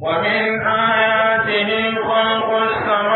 ومن آياته خلق السماوات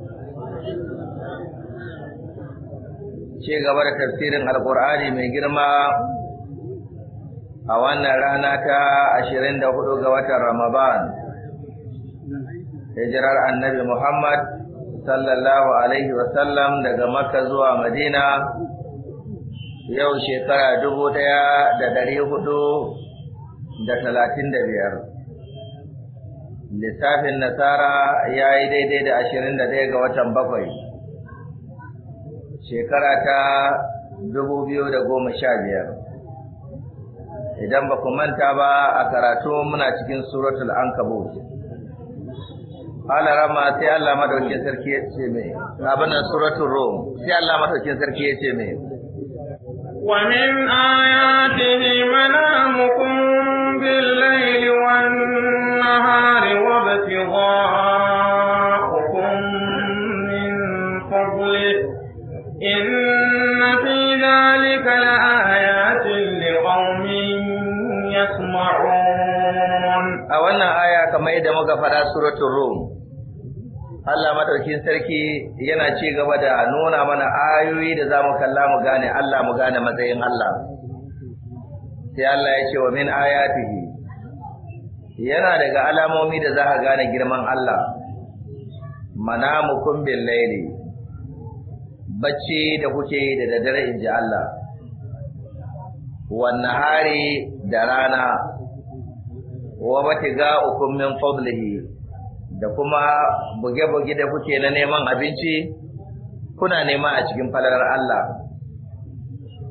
ce gaba da tafsirin alkur'ani mai girma a wannan rana ta ashirin da hudu ga watan ramadan hijirar annabi muhammad sallallahu alaihi wasallam daga makka zuwa madina yau shekara dubu daya da dari hudu da talatin da biyar lissafin nasara ya yi daidai da ashirin da daya ga watan bakwai shekara ta dubu biyu da goma sha biyar idan ba ku manta ba a karatu muna cikin suratul ala rama sai Allah madaukin sarki ya ce mai abin suratul rom sai Allah madaukin sarki ya ce mai min ayatihi manamukum kamar yadda muka fara suratul Rum Allah madaukin sarki yana ci gaba da nuna mana ayoyi da za mu kalla mu gane Allah mu gane matsayin Allah sai Allah ya ce wa min ayatihi yana daga alamomi da za ka gane girman Allah manamukum bil laili bacci da kuke da daddare inji Allah wan hari da rana wa batiga'ukum min fadlihi da kuma buge-buge da kuke na neman abinci kuna nema a cikin falalar Allah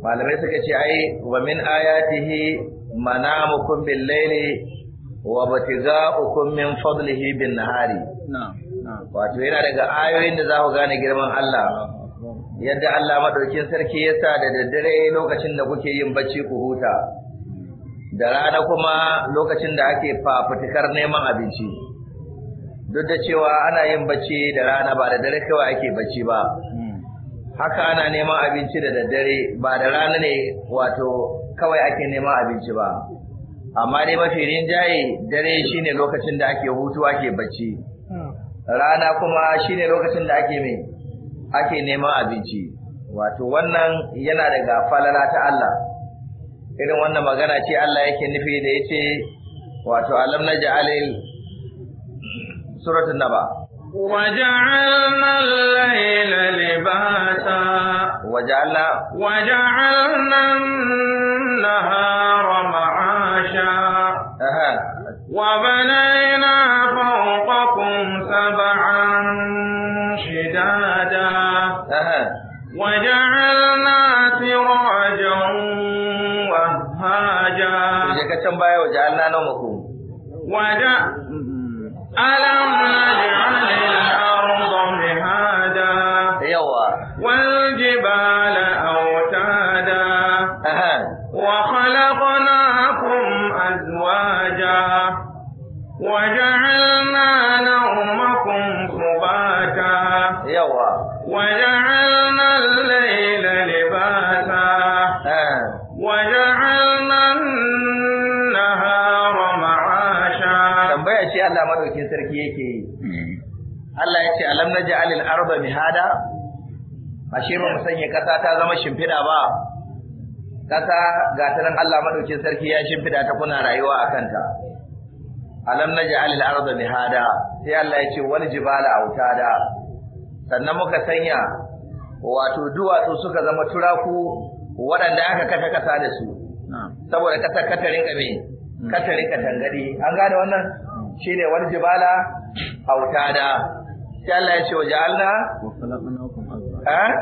malamai suka ce ai wa min ayatihi manamukum bil laili wa batiga'ukum min fadlihi bin nahari wato yana daga ayoyin da za ku gane girman Allah yadda Allah madaukin sarki yasa da daddare lokacin da kuke yin bacci ku huta da rana kuma lokacin da ake fafutukar neman abinci duk da cewa ana yin bacci da rana ba da dare kawai ake bacci ba haka ana neman abinci da daddare ba da rana ne wato kawai ake neman abinci ba amma dai mafi rinjaye dare shine lokacin da ake hutu ake bacci rana kuma shine lokacin da ake mai ake neman abinci wato wannan yana daga falala ta Allah irin wannan magana ce Allah yake nufi da yace wato alam naj'alil suratul naba وجعلنا الليل لباسا وجعلنا وجعلنا النهار معاشا وبنينا فوقكم سبعا شدادا وجعلنا can baya wa ja'alna na makum wa ja alam naj'alil al mihada yawa wal jibala awtada wa khalaqnakum azwaja wa ja'alna nawmakum subata yawa wa alam naj'al al ardha mihada ashe ba mu sanya kasa ta zama shimfida ba kasa ga ta Allah madaukin sarki ya shimfida ta kuna rayuwa a kanta alam naj'al al ardha mihada sai Allah ya ce wal jibala autada sannan muka sanya wato duwatsu suka zama turaku waɗanda aka kata kasa da su saboda kasar katarin kame katarin katangadi an gane wannan shine wal jibala autada sai Allah ya ce wa ja'alna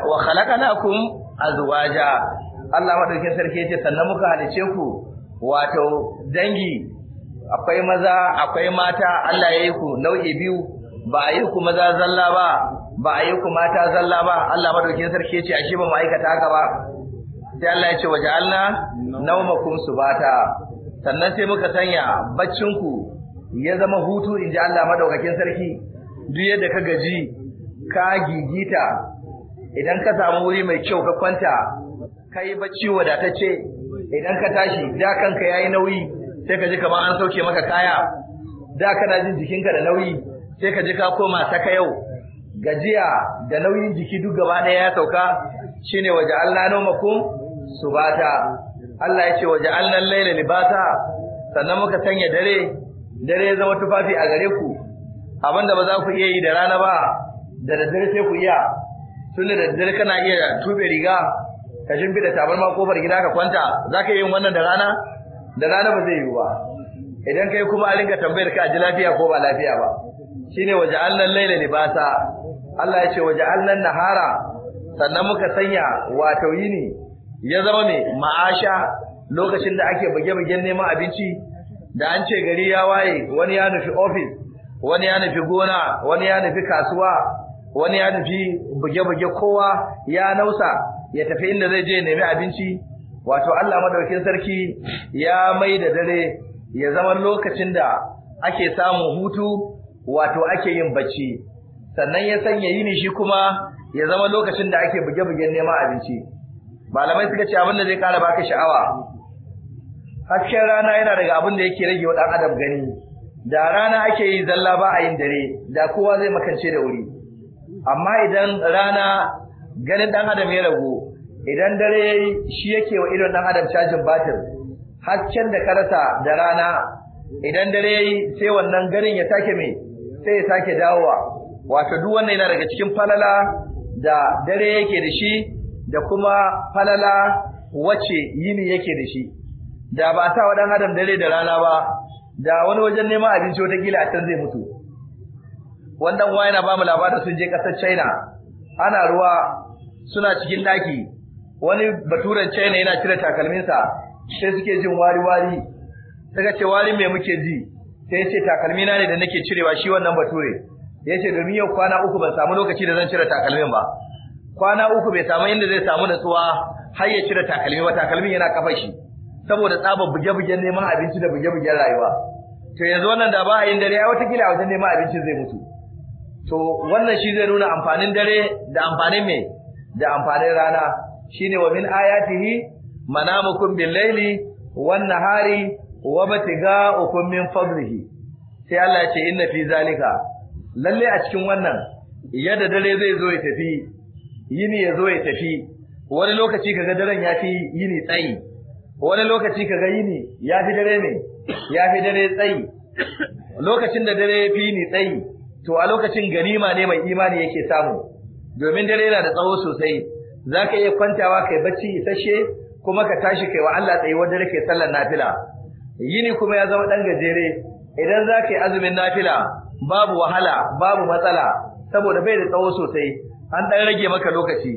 wa khalaqnakum azwaja Allah madaukin sarki ce sannan muka halice ku wato dangi akwai maza akwai mata Allah ya yi ku nau'i biyu ba a yi ku maza zalla ba ba a yi ku mata zalla ba Allah madaukin sarki ce ashe ba mu aikata haka ba sai Allah ya ce wa ja'alna nawmakum subata sannan sai muka sanya baccin ku ya zama hutu inji Allah madaukakin sarki duk yadda ka gaji ka gigita idan ka samu wuri mai kyau ka kwanta ka yi bacci wadatacce idan ka tashi da kanka yayi nauyi sai ka ji kamar an sauke maka kaya da kana jin jikinka da nauyi sai ka ji ka koma ta ka yau gajiya da nauyin jiki duk gaba ɗaya ya sauka shine waje Allah su subata Allah ya ce waje Allah laila libata sannan muka sanya dare dare ya zama tufafi a gare ku abinda ba za ku iya yi da rana ba da daddare sai ku iya tunda da daddare kana iya tube riga ka shimfida tabarma kofar gida ka kwanta za ka iya yin wannan da rana da rana ba zai yiwu ba idan kai kuma a rinka tambayar ka ji lafiya ko ba lafiya ba shine waje allan laila libasa Allah ya ce waje allan nahara sannan muka sanya wato yini ya zama mai ma'asha lokacin da ake buge-bugen neman abinci da an ce gari ya waye wani ya nufi ofis wani ya nufi gona wani ya nufi kasuwa wani ya nufi buge-buge kowa ya nausa ya tafi inda zai je nemi abinci wato Allah madaukin sarki ya mai da dare ya zama lokacin da ake samun hutu wato ake yin bacci sannan ya sanya yini shi kuma ya zama lokacin da ake buge buge nema abinci malamai suka ce abin da zai kara baka sha'awa hasken rana yana daga abin da yake rage wa dan adam gani da rana ake yi zalla ba a yin dare da kowa zai makance da wuri amma idan rana ganin dan adam ya ragu idan dare yayi shi yake wa idon dan adam cajin batir hasken da karasa da rana idan dare yayi sai wannan garin ya take me sai ya take dawowa wato duk wannan yana daga cikin falala da dare yake da shi da kuma falala wace yini yake da shi da ba ta wa dan adam dare da rana ba da wani wajen neman abinci wata gila a can zai mutu wannan wa yana ba mu labarin sun je kasar China ana ruwa suna cikin daki wani baturen China yana cire takalminsa sai suke jin wari wari suka ce wari me muke ji sai ce takalmina ne da nake cirewa shi wannan bature yace domin yau kwana uku ban samu lokaci da zan cire takalmin ba kwana uku bai samu inda zai samu natsuwa har ya cire takalmi ba takalmin yana kafa shi saboda tsaba buge-bugen neman abinci da buge-bugen rayuwa to yanzu wannan da ba a yin dare ai watakila a wajen neman abinci zai mutu to wannan shi zai nuna amfanin dare da amfanin me da amfanin rana shine wa min ayatihi manamukum bil laili wan nahari wa batiga'ukum min fadlihi sai Allah ya ce inna fi zalika lalle a cikin wannan yadda dare zai zo ya tafi yini ya zo ya tafi wani lokaci kaga daren ya fi yini tsayi wani lokaci ka gayi yini ya fi dare ne ya fi dare tsayi lokacin da dare ya fi ni tsayi to a lokacin ganima ne mai imani yake samu domin dare yana da tsawo sosai za ka iya kwantawa kai bacci isasshe kuma ka tashi kai wa Allah tsaye wanda rake sallar nafila yini kuma ya zama ɗan gajere idan za ka yi azumin nafila babu wahala babu matsala saboda bai da tsawo sosai an ɗan rage maka lokaci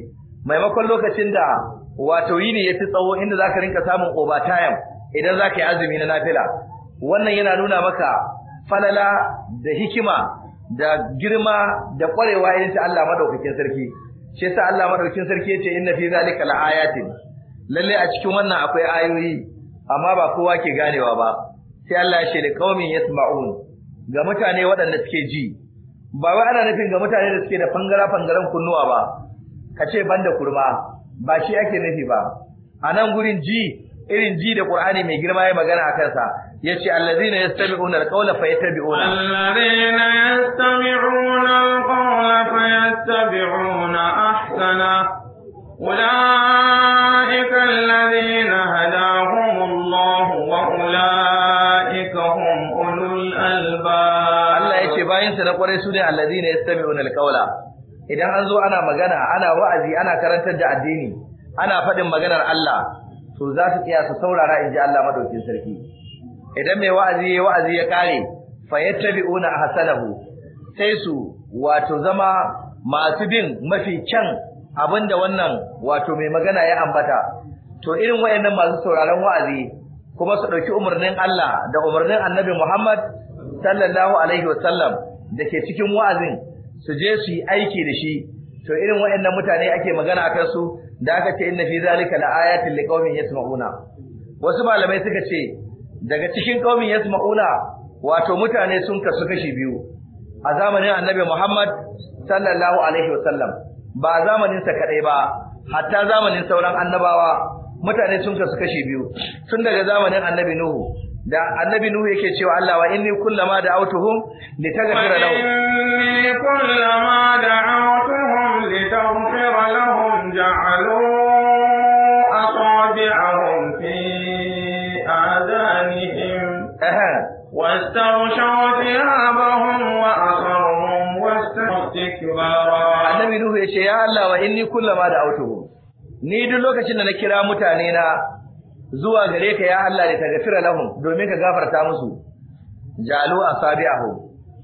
maimakon lokacin da wato yini ya fi tsawo inda zaka rinka samun obatayam idan zaka yi azumi na nafila wannan yana nuna maka falala da hikima da girma da kwarewa idan ta Allah madaukakin sarki shi yasa Allah madaukakin sarki yace inna fi zalika laayatin lalle a cikin wannan akwai ayoyi amma ba kowa ke ganewa ba sai Allah ya ce da qaumin yasma'un ga mutane waɗanda suke ji ba wai ana nufin ga mutane da suke da fangara fangaran kunnuwa ba kace banda kurma ba shi ake nufi ba a nan gurin ji irin ji da Qur'ani mai girma ya magana akan sa yace allazina yastami'una alqawla fayattabi'una allazina yastami'una alqawla fayattabi'una ahsana ulaika allazina allah wa ulaika hum ulul albab Allah yace bayin sa na kware su ne allazina yastami'una alqawla idan an zo ana magana ana wa'azi ana karantar da addini ana faɗin maganar Allah to za su tsaya su saurara in ji Allah madaukin sarki idan mai wa'azi ya wa'azi ya kare fa yattabi'una ahsanahu sai su wato zama masu bin mafi kyan abinda wannan wato mai magana ya ambata to irin wayannan masu sauraron wa'azi kuma su ɗauki umarnin Allah da umarnin Annabi Muhammad sallallahu alaihi wasallam da ke cikin wa'azin su je su yi aiki da shi to irin waɗannan mutane ake magana akan su da aka ce inna fi zalika laayatin liqaumin yasma'una wasu malamai suka ce daga cikin qaumin yasma'una wato mutane sun kasu kashi biyu a zamanin annabi Muhammad sallallahu alaihi wasallam ba zamanin sa kadai ba hatta zamanin sauran annabawa mutane sun kasu kashi biyu tun daga zamanin annabi Nuhu da annabi nuhu yake cewa Allah wa inni kullama da'awtuhum litaghfira lahum inni kullama da'awtuhum litaghfira lahum ja'alu asabi'ahum fi adanihim واستغشوا wa وأصرهم annabi nuhu نوح يقول Allah wa inni kullama da'awtuhum ni duk lokacin da na kira mutane na zuwa gare ka ya Allah da tagfira lahum domin ka gafarta musu jalu asabi'ahu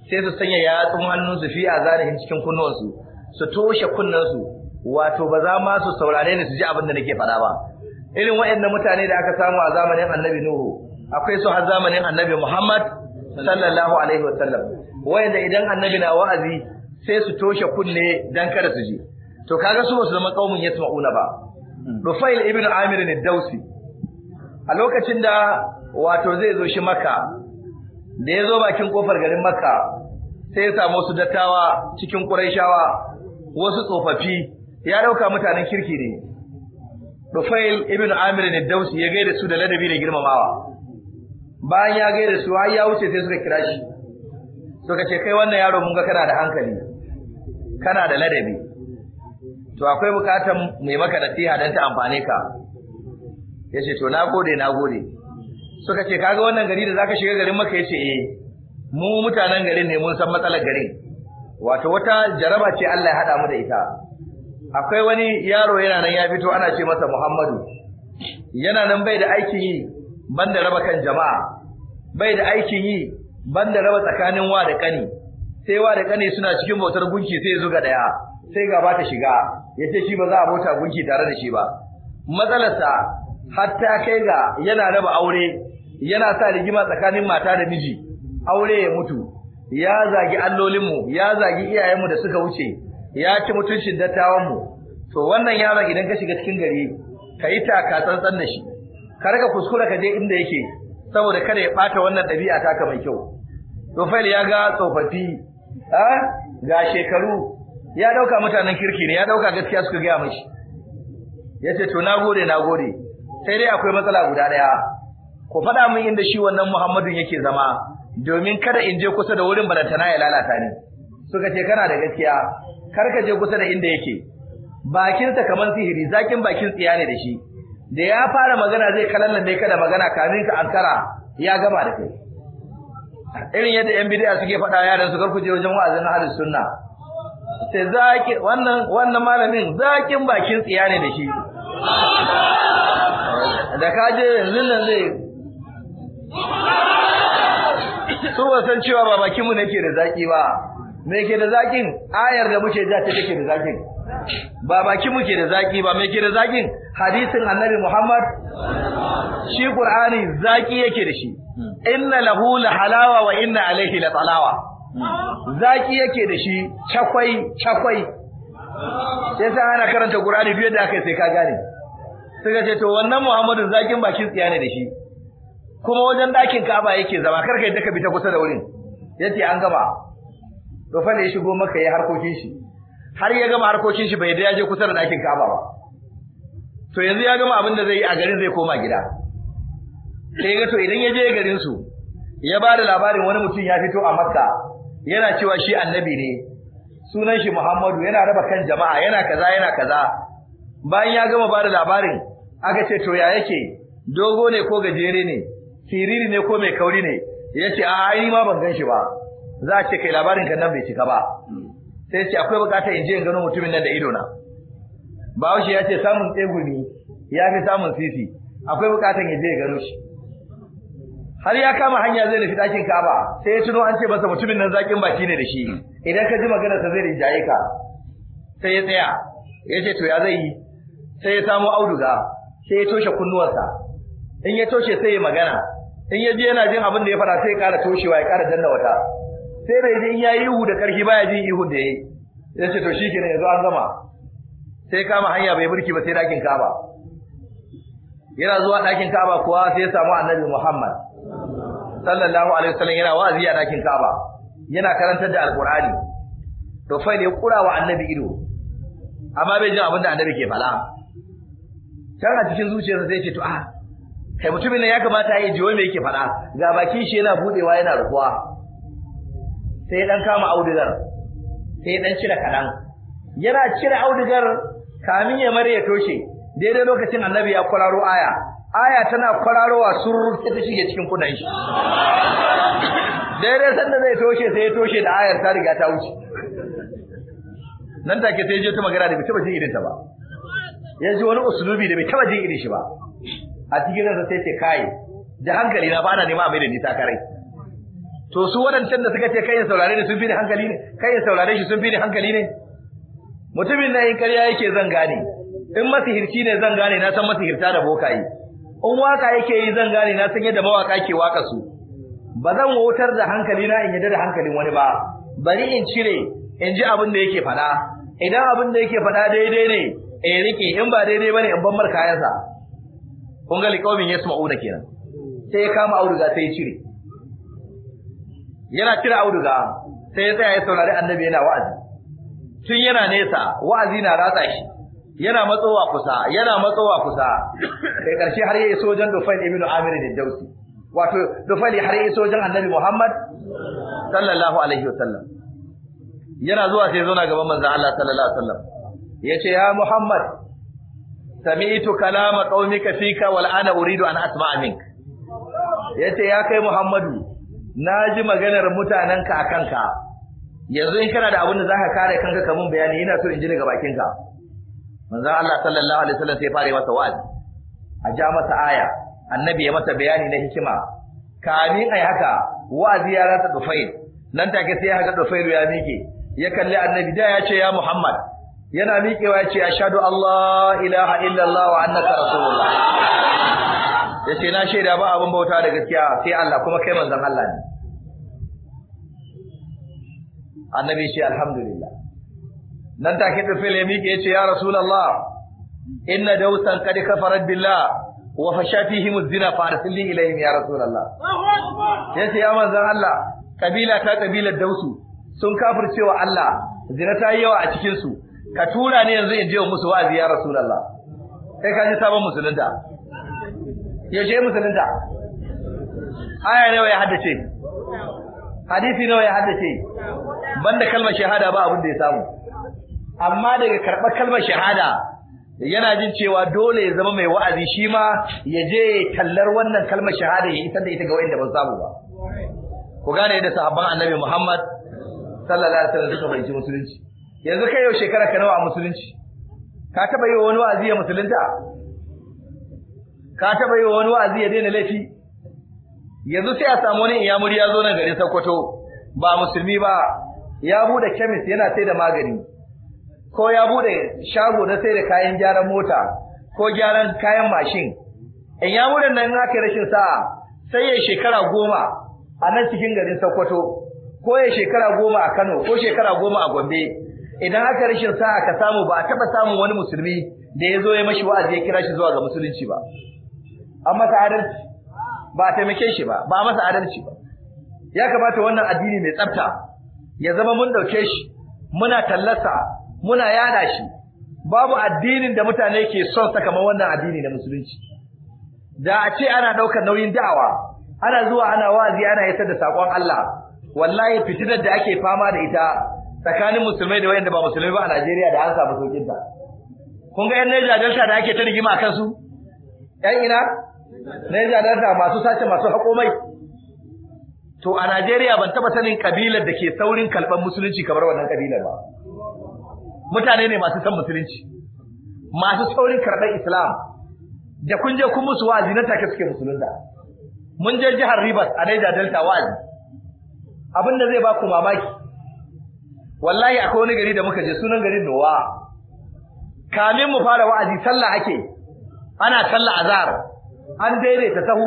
sai su sanya yatsun hannunsu fi azanihim cikin kunnuwansu su toshe su wato ba za ma su saurare ni su ji abin da nake faɗa ba irin waɗannan mutane da aka samu a zamanin Annabi Nuhu akwai su har zamanin Annabi Muhammad sallallahu alaihi wa sallam wanda idan Annabi na wa'azi sai su toshe kunne dan kada su ji to kaga su ba su zama kaumun yasma'una ba hmm. Rufail ibn Amir ne Dausi a lokacin da wato zai zo shi Makka da ya zo bakin kofar garin Makka sai ya samu wasu dattawa cikin shawa, wasu tsofaffi ya ɗauka mutanen kirki ne Rufail ibn Amir ne Dausi ya gaida su da ladabi da girmamawa bayan ya gaida su har ya wuce sai suka kira shi suka ce kai wannan yaro mun ga kana da hankali kana da ladabi to akwai bukatan mai maka nasiha dan ta amfane ka ya ce to na gode na gode suka ce kaga wannan gari da zaka shiga garin maka ya ce eh mu mutanen garin ne mun san matsalar garin wato wata jaraba ce Allah ya hada mu da ita akwai wani yaro yana nan ya fito ana ce masa Muhammadu yana nan bai da aikin yi banda raba kan jama'a bai da aikin yi banda raba tsakanin wa da kani sai wa da kani suna cikin bautar gunki sai zuga daya sai gaba ta shiga yace shi ba za a bauta gunki tare da shi ba matsalarsa hatta kai ga yana raba aure yana sa rigima tsakanin mata da miji aure ya mutu ya zagi allolin mu ya zagi iyayen mu da suka wuce ya ci mutuncin dattawanmu to wannan yaron idan ka shiga cikin gari ka yi taka tsantsan da shi ka raka kuskura ka je inda yake saboda kada ya bata wannan ɗabi'ata ka mai kyau fail ya ga tsofaffi ga shekaru ya dauka mutanen kirki ne ya dauka gaskiya suka gaya mashi yace to nagode nagode sai dai akwai matsala guda daya ku faɗa min inda shi wannan Muhammadun yake zama domin kada in je kusa da wurin balantana ya lalata ni suka ce kana da gaskiya kar ka je kusa da inda yake bakinsa kamar sihiri zakin bakin tsiya ne da shi da ya fara magana zai kalallabe ka da magana kamin ka ankara ya gama da kai irin yadda yan bid'a suke faɗa yaran su kar ku je wajen wa'azin ahlus sunna sai zaki wannan wannan malamin zakin bakin tsiya ne da shi da ka je yanzu nan zai su ba san cewa ba bakinmu mu nake da zaki ba me ke da zakin ayar da muke ja ta take da zakin ba bakinmu muke da zaki ba me ke da zakin hadisin annabi Muhammad shi Qur'ani zaki yake da shi inna lahu la halawa wa inna alaihi la talawa zaki yake da shi chakwai chakwai sai sai ana karanta Qur'ani fiye da yi sai ka gane suka ce to wannan Muhammadu zakin bakin tsiya ne da shi kuma wajen dakin Ka'aba yake zama karka yi ka bi ta kusa da wurin yace an gama to fa ne ya shigo maka ya harkokin shi har ya gama harkokin shi bai da ya je kusa da dakin Ka'aba ba to yanzu ya gama abin da zai yi a garin zai koma gida sai ga to idan ya je garin su ya ba da labarin wani mutum ya fito a Makka yana cewa shi annabi ne sunan shi Muhammadu yana raba kan jama'a yana kaza yana kaza bayan ya gama bada labarin aka ce to ya yake dogo ne ko gajere ne siriri ne ko mai kauri ne yace a ai ma ban gan shi ba za ce kai labarin kan nan bai cika ba sai yace akwai bukata in je in gano mutumin nan da ido na Bahaushe ya ce samun tsegumi ya fi samun sisi akwai bukatar ya je ya gano shi har ya kama hanya zai nufi ɗakin Ka'aba sai ya tuno an ce masa mutumin nan zakin baki ne da shi idan ka ji magana sa zai rinjaye ka sai ya tsaya ya ce to ya zai yi sai ya samu auduga sai ya toshe kunnuwarsa in ya toshe sai ya magana in ya ji yana jin abin da ya fara sai ya ƙara toshewa ya ƙara danna wata sai da ji in ya yi ihu da ƙarfi baya jin ihun da ya yi ya ce to shikenan yanzu an gama sai kama hanya bai burki ba sai ɗakin Ka'aba yana zuwa ɗakin Ka'aba kuwa sai ya samu Annabi Muhammad sallallahu alaihi wasallam yana wa'azi a dakin Ka'aba yana karantar da Alkur'ani to fa ya kura wa Annabi ido amma bai jin abin da Annabi ke faɗa can a cikin zuciyarsa sai ce to a ah, kai mutumin nan ya kamata ya ji me yake faɗa ga bakin shi yana budewa yana rukuwa sai dan kama audigar sai dan cire kadan yana cire audigar kamin ya mare ya toshe daidai lokacin Annabi ya kwararo aya aya tana kwararowa surur ta shige cikin kudan shi daidai da zai toshe sai ya toshe da ayar ta riga ta wuce nan take sai je ta magana da bai taba jin irin ta ba ya ji wani usulubi da bai taba jin irin shi ba a cikin nasa sai ce kai da hankali na ba ana nema mai da ni takarai to su wadancan da suka ce kai saurare ni sun fi ni hankali ne kai saurare shi sun fi ni hankali ne mutumin nan in kariya yake zan gane in masihirci ne zan gane na san masihirta da bokaye in waka yake yi zan gane na san yadda mawaka ke waka su ba zan wutar da hankali na in yadda da hankalin wani ba bari in cire in ji abin da yake faɗa idan abin da yake faɗa daidai ne in rike in ba daidai bane in bambar kayansa kun ga liqaumin yasma'una kenan sai ya kama auduga sai ya cire yana cire auduga sai ya tsaya ya saurari annabi yana wa'azi tun yana nesa wa'azi na ratsa shi yana matsowa kusa yana matsowa kusa kai karshe har yayi sojan Dufail ibn Amir da Dausi wato Dufail har yayi sojan Annabi Muhammad sallallahu alaihi wasallam yana zuwa sai zauna gaban manzon Allah sallallahu alaihi wasallam yace ya Muhammad sami'tu kalama qaumika fika wal ana uridu an asma'a mink yace ya kai Muhammadu naji maganar mutananka ka yanzu in kana da abin da zaka kare kanka kamun bayani ina so in ji daga bakinka manzon Allah sallallahu alaihi wasallam sai fare masa wa'azi a ja masa aya annabi ya masa bayani na hikima kamin ai haka wa'azi ya rata dufail nan take sai ya ga dufail ya miƙe ya kalli annabi da ya ce ya Muhammad yana miƙewa ya ce ashhadu Allah ilaha illallah wa annaka rasulullah yace na shaida ba abin bauta da gaskiya sai Allah kuma kai manzon Allah ne annabi ce alhamdulillah nan take Tufail ya miƙe yace ya Rasulullah inna dausan qad kafarat billah wa fasha az-zina fa arsilni ilayhim ya Rasulullah yace ya manzon Allah kabila ta kabilar Dausu sun kafircewa Allah zina ta yi yawa a cikin su ka tura ni yanzu in je musu wa'azi ya Rasulullah Kai ka ji sabon musulunta yaushe musulunta aya nawa ya haddace hadisi nawa ya haddace banda kalmar shahada ba abin da ya samu amma daga karɓar kalmar shahada yana jin cewa dole ya zama mai wa'azi shi ma ya je tallar wannan kalmar shahada ya isar da ita ga wanda ban samu ba ku gane da sahabban annabi Muhammad sallallahu alaihi wasallam suka bayyana musulunci yanzu kai yau shekara ka nawa a musulunci ka taɓa yi wani wa'azi ya musulunta ka taɓa yi wani wa'azi ya daina laifi yanzu sai a samu wani iyamuri ya zo nan gari Sokoto ba musulmi ba ya bude kemis yana sai da magani ko ya bude shago na sai da kayan gyaran mota ko gyaran kayan mashin in ya bude nan aka rashin sa'a sai ya shekara goma a nan cikin garin Sokoto ko ya shekara goma a Kano ko shekara goma a Gombe idan aka rashin sa'a ka samu ba a taba samun wani musulmi da ya zo ya mashi wa'azi ya kira shi zuwa ga musulunci ba an masa adalci ba a taimake shi ba ba masa adalci ba ya kamata wannan addini mai tsafta ya zama mun dauke shi muna tallasa muna yada shi babu addinin da mutane ke son sa kamar wannan addini na musulunci da a ce ana daukar nauyin da'awa ana zuwa ana wazi ana yatar da sakon Allah wallahi fitinar da ake fama da ita tsakanin musulmai da wayanda ba musulmai ba a Najeriya da an samu sokin ta kun ga yan Niger da ake ta rigima kan su yan ina Niger Delta masu sace masu hako mai to a Najeriya ban taba sanin kabilar da ke saurin kalban musulunci kamar wannan kabilar ba mutane ne masu san musulunci masu saurin karɓar islam da kun je kun musu wa'azi na take suke musulunta mun je jihar Rivers a Niger Delta wa'azi abin da zai ba ku mamaki wallahi akwai wani gari da muka je sunan garin Nowa kamin mu fara wa'azi sallah ake ana sallah azhar an daidaita sahu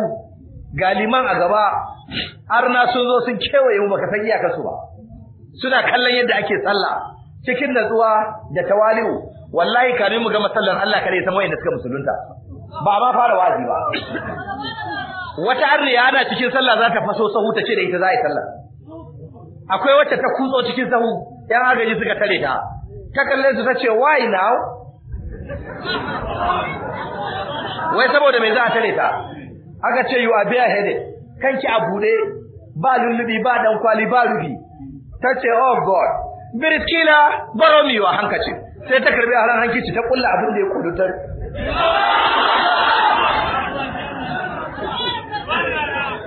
galiman a gaba arna sun zo sun kewaye mu baka san iyakarsu ba suna kallon yadda ake sallah cikin natsuwa da tawali'u wallahi kare mu ga masallan Allah kare ya san wayanda suka musulunta ba ma fara wazi ba wata arriya na cikin sallah za ta faso sahu ta ce da ita za a yi sallah akwai wacce ta kutso cikin sahu yan agaji suka tare ta ta kalle su ta ce why now wai saboda me za a tare ta aka ce you are bare kanki a bude ba lullubi ba dan kwali ba rubi ce, oh god birkila baromi wa hankacin sai ta karbi a hankici ta kulla abin da ya kudutar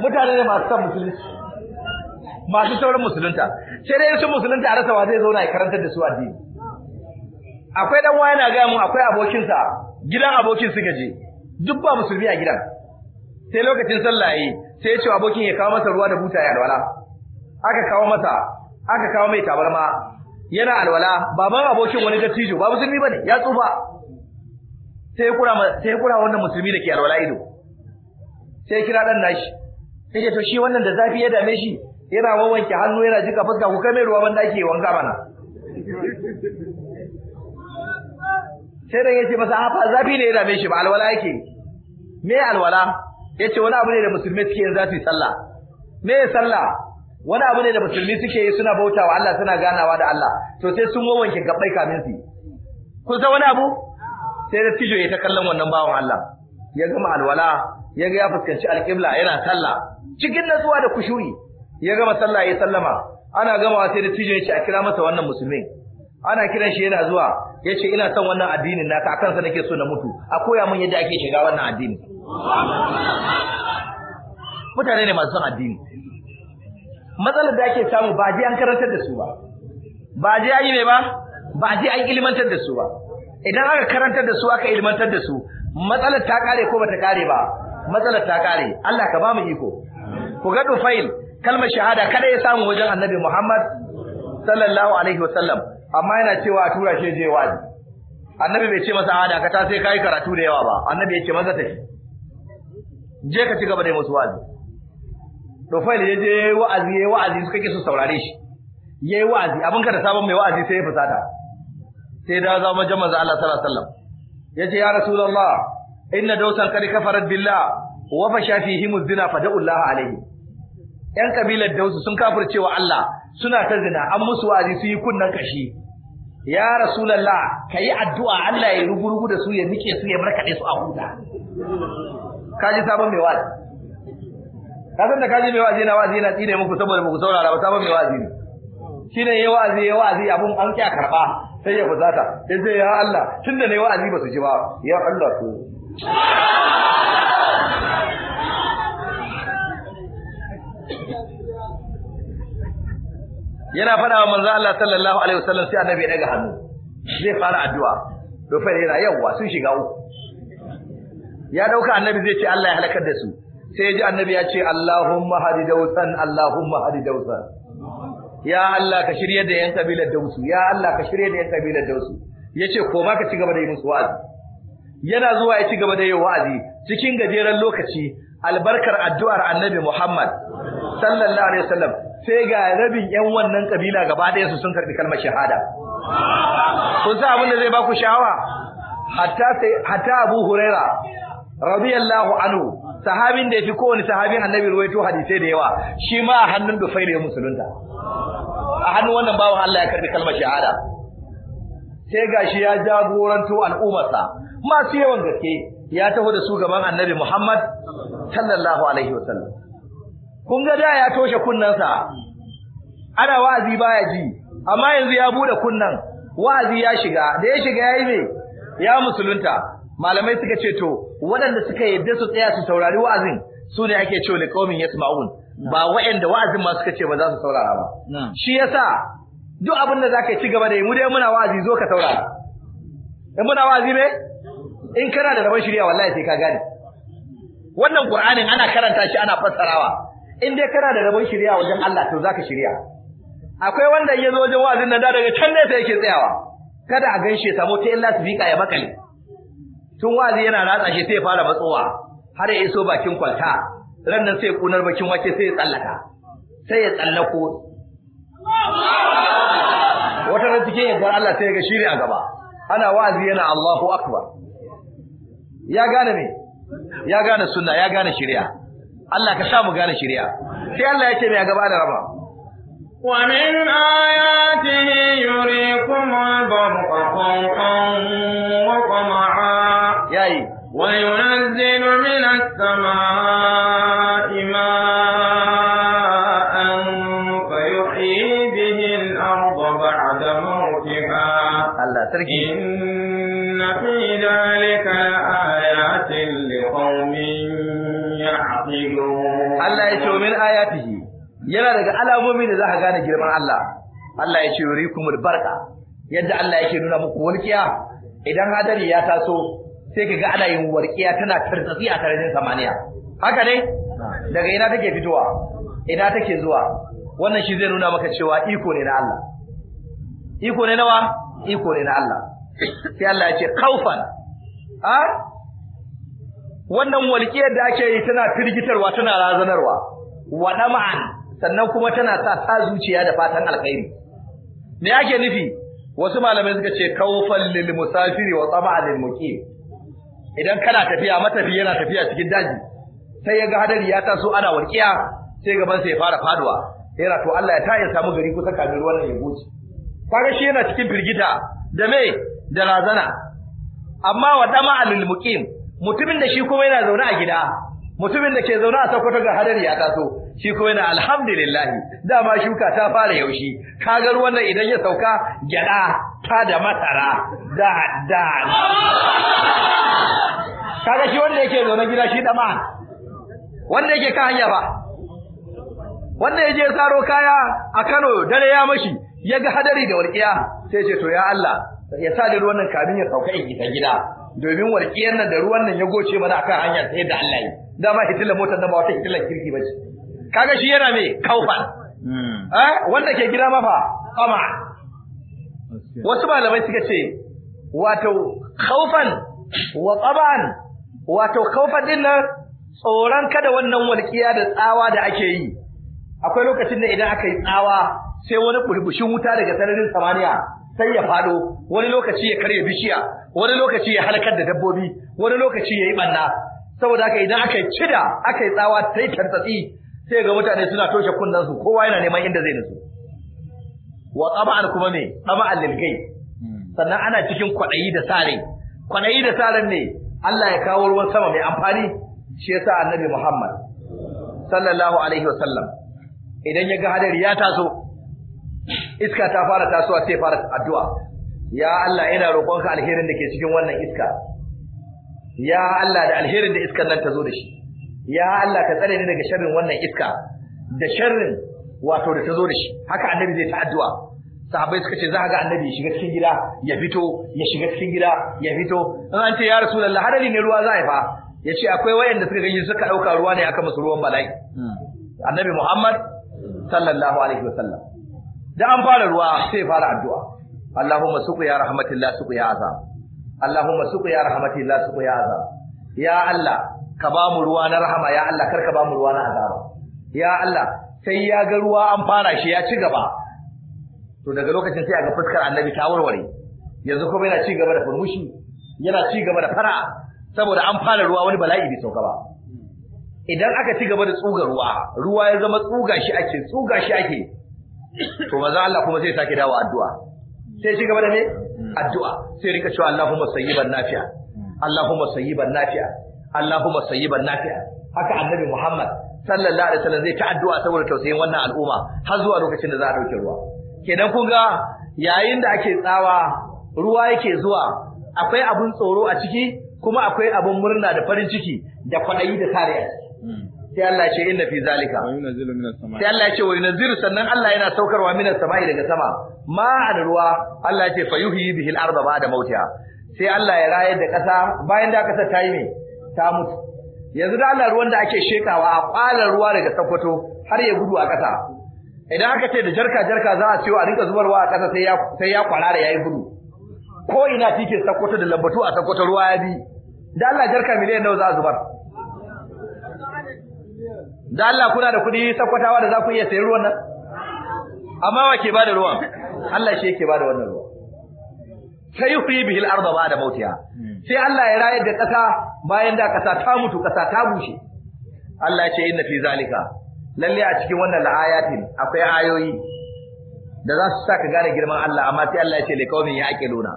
mutane ne masu san musulunci masu sauran musulunta sai dai su musulunta a rasa wa zai zauna ya karantar da su addini akwai dan waya na gaya mu akwai abokinsa gidan abokin suka je duk ba musulmi a gidan sai lokacin sallah yi sai ya ce abokin ya kawo masa ruwa da buta ya alwala aka kawo masa aka kawo mai tabarma yana alwala baban abokin wani dattijo ba musulmi bane ya tsufa sai kura sai kura wannan musulmi da ke alwala ido sai kira dan nashi sai to shi wannan da zafi ya dame shi yana wawanke hannu yana jika fuska ku kai mai ruwa wanda ake wanka mana sai dan yace masa a fa zafi ne ya dame shi ba alwala yake me alwala yace wani abu ne da musulmi suke yin zafi sallah me sallah wani abu ne da musulmi suke yi suna bautawa Allah suna ganawa da Allah to sai sun wawanke gabbai kamin su kun san wani abu sai da tijo ya ta kallon wannan bawan Allah ya gama alwala ya ga ya fuskanci alqibla yana sallah cikin nasuwa da kushuri ya gama sallah ya sallama ana gama sai da tijo ya ce a kira masa wannan musulmin ana kiran shi yana zuwa ya ce ina son wannan addinin naka akan sa nake so na mutu a koya min yadda ake shiga wannan addini mutane ne masu son addini matsalar da ake samu ba je an karantar da su ba ba je an yi ne ba ba je an ilmantar da su ba idan aka karantar da su aka ilmantar da su matsalar ta kare ko bata kare ba matsalar ta kare Allah ka ba mu iko ku ga dufail kalmar shahada kada ya samu wajen annabi Muhammad sallallahu alaihi wa sallam. amma yana cewa a tura shi je wa'azi annabi bai ce masa hada ah, ka ta sai kai karatu da yawa ba annabi ya ce maza tafi je ka ci gaba da musu wa'azi Tufail ya je yayi wa'azi yayi wa'azi suka ki su saurare shi yayi wa'azi abin ka da sabon mai wa'azi sai ya fusata sai da zama jama'a Allah sallallahu alaihi wasallam yace ya rasulullah inna dausan kad kafarat billah wa fa shafi fihim zina fada'u Allah alaihi yan kabilar wasu sun cewa Allah suna ta zina an musu wa'azi su yi kunnan kashi ya rasulullah kai addu'a Allah ya rugurugu da su ya nike su ya barkade su a Ka kaji sabon mai wa'azi ka san da kaji mai wa'azi na wa'azi yana tsire muku saboda muku saurara ba sabon mai wa'azi ne shine yayi wa'azi yayi wa'azi abun an kiya karba sai ya fusata sai sai ya Allah tunda nayi wa'azi ba su ji ba ya Allah ku yana fada wa manzo Allah sallallahu alaihi wasallam sai annabi ya daga hannu zai fara addu'a to fa yana yawa sun shiga uku ya dauka annabi zai ce Allah ya halakar da su sai ji annabi ya ce Allahumma hadi dausan Allahumma hadi dausan ya Allah ka shirye da yan kabilar dausu ya Allah ka shirye da yan kabilar dausu yace ko ma ka ci gaba da yi musu wa'azi yana zuwa ya ci gaba da yin wa'azi cikin gajeren lokaci albarkar addu'ar annabi Muhammad sallallahu alaihi wasallam sai ga rabin yan wannan kabila gaba ɗaya su sun karbi kalmar shahada kun san abin da zai ba ku sha'awa hatta sai hatta Abu Huraira radiyallahu anhu sahabin da ya fi kowane sahabin annabi ruwaito hadisai da yawa shi ma a hannun da ya musulunta a hannun wannan bawan Allah ya karbi kalmar shahada sai gashi ya jagoranto al'ummarsa masu yawan gaske ya taho da su gaban annabi Muhammad sallallahu alaihi wasallam kun ga da ya toshe kunnansa ana wa'azi baya ji amma yanzu ya buɗe kunnan wa'azi ya shiga da ya shiga yayi me ya musulunta malamai suka ce to waɗanda suka yadda su tsaya su saurari wa'azin su ne ake cewa da qaumin yasma'un ba waɗanda wa'azin ma suka ce ba za su saurara ba shi yasa duk abin da zaka ci gaba da yi mu dai muna wa'azi zo ka saurara in muna wa'azi ne in kana da rabon shirya wallahi sai ka gane wannan qur'anin ana karanta shi ana fassarawa in dai kana da rabon shirya wajen Allah to zaka shirya akwai wanda ya zo wajen wa'azin nan da daga can ne sai yake tsayawa kada a ganshe samu ta illa su ya makale tun wazi yana ratsa shi sai fara matsowa har ya iso bakin kwalta rannan sai kunar bakin wake sai ya tsallaka sai ya tsallako wata ran cikin yadda Allah sai ya ga shiri a gaba ana wazi yana Allahu akbar ya gane me ya gane sunna ya gane shari'a Allah ka sa mu gane shari'a sai Allah ya ce me a gaba da raba ومن آياته يريكم البرق خوفا وطمعا وينزل من السماء ماء yana daga alamomi da za ka gane girman Allah Allah ya ce yurikumul barka yadda Allah yake nuna muku walƙiya idan hadari ya taso sai ka ga ana yin walƙiya tana tartsatsi a tarihin samaniya haka ne daga ina take fitowa ina take zuwa wannan shi zai nuna maka cewa iko ne na Allah iko ne nawa iko ne na Allah sai Allah ya ce kaufan a wannan walƙiyar da ake yi tana firgitarwa tana razanarwa wa dama'an sannan kuma tana sa ta zuciya da fatan alkhairi me yake nufi wasu malamai suka ce kawo lil musafiri wa tab'a lil muqim idan kana tafiya matafi yana tafiya cikin daji sai ya hadari ya taso ana warkiya sai gaban sai ya fara faduwa yana to Allah ya ta yi samu gari kusa kamin ruwan ya goce kaga shi yana cikin firgita da me da razana amma wa dama alil muqim mutumin da shi kuma yana zaune a gida mutumin da ke zaune a sakwato ga hadari ya taso shi kuma yana alhamdulillah dama shuka ta fara yaushi kaga ruwan nan idan ya sauka gyada ta da matara da da kaga shi wanda yake zaune gida shi dama wanda yake ka hanya ba wanda ya je saro kaya a Kano dare ya mashi ya ga hadari da walƙiya sai ce to ya Allah ya sa ruwan nan kamin ya sauka in gida gida domin walƙiyar nan da ruwan nan ya goce mana akan hanya sai da Allah ya dama hitilla motar da ba wata hitilla kirki ba ce kaga shi yana me kaufa hmm. eh wanda ke gida mafa kama wasu malamai suka ce wato khaufan wa taban wato khaufan din nan tsoron kada wannan walkiya da tsawa da ake yi akwai lokacin da idan aka yi tsawa sai wani burbushin wuta daga sararin samaniya sai ya fado wani lokaci ya karya bishiya wani lokaci ya halakar da dabbobi wani lokaci ya yi banna saboda haka idan aka yi cida aka yi tsawa sai tantatsi sai ga mutane suna toshe kunnansu kowa yana neman inda zai nutsu wa taba'an kuma me taba'an lilgai sannan ana cikin kwadayi da sare kwadayi da sare ne Allah ya kawo ruwan sama mai amfani shi yasa annabi Muhammad sallallahu alaihi wasallam idan ya ga hadari ya taso iska ta fara tasowa sai fara addu'a ya Allah ina roƙonka alherin da ke cikin wannan iska ya Allah da alherin da iskar nan ta zo da shi ya Allah ka tsare ni daga sharrin wannan iska da sharrin wato da ta zo da shi haka annabi zai ta addu'a sahabbai suka ce za ga annabi ya shiga cikin gida ya fito ya shiga cikin gida ya fito in an ce ya rasulullah hadari ne ruwa za a fa ya ce akwai wayanda suka gani suka ɗauka ruwa ne aka musu ruwan bala'i annabi muhammad sallallahu alaihi wasallam da an fara ruwa sai fara addu'a allahumma suku ya rahmatillah suqi ya azab allahumma suqi ya rahmatillah suqi ya azab ya allah ka ba mu ruwa na rahama ya Allah kar ka ba mu ruwa na azaba ya Allah sai ya ga ruwa an fara shi ya ci gaba to daga lokacin sai a ga fuskar annabi ta warware yanzu kuma yana ci gaba da furmushi yana ci gaba da fara saboda an fara ruwa wani bala'i bai sauka ba idan aka ci gaba da tsuga ruwa ruwa ya zama tsuga shi ake tsuga shi ake to maza Allah kuma zai sake dawo addu'a sai ci gaba da me addu'a sai rika cewa Allahumma sayyiban nafi'a Allahumma sayyiban nafi'a Allahumma sayyiban nafi'a haka annabi Muhammad sallallahu alaihi wasallam zai ta addu'a saboda tausayin wannan al'umma har zuwa lokacin da za a dauke ruwa kenan kun ga yayin da ake tsawa ruwa yake zuwa akwai abun tsoro a ciki kuma akwai abun murna da farin ciki da kwadayi da tare sai Allah ce inna fi zalika sai Allah ce wa yunziru sannan Allah yana saukarwa minas sama'i daga sama ma'an ruwa Allah ce fayuhi bihi al-ardha ba'da mautiha sai Allah ya rayar da kasa bayan da kasa ta yi ne. ta mutu yanzu da Allah ruwan da ake shekawa a kwalar ruwa daga Sokoto har ya gudu a ƙasa idan aka ce da jarka jarka za a ciwo a rinka zubarwa a ƙasa sai ya sai ya yi yayi gudu ko ina cikin Sokoto da lambatu a Sokoto ruwa ya bi da Allah jarka miliyan nawa za a zubar da Allah kuna da kuɗi Sokotawa da za ku iya sayi ruwan nan amma wa ke bada ruwan Allah shi yake bada wannan ruwan fa bihi al-ardha ba'da mautiha hmm. sai Allah ya rayar da ƙasa bayan da ƙasa ta mutu ƙasa ta bushe Allah ya ce inna fi zalika lalle a cikin wannan la'ayatin akwai ayoyi da za su sa ka gane girman Allah amma sai Allah ya ce liqaumin ya'qiluna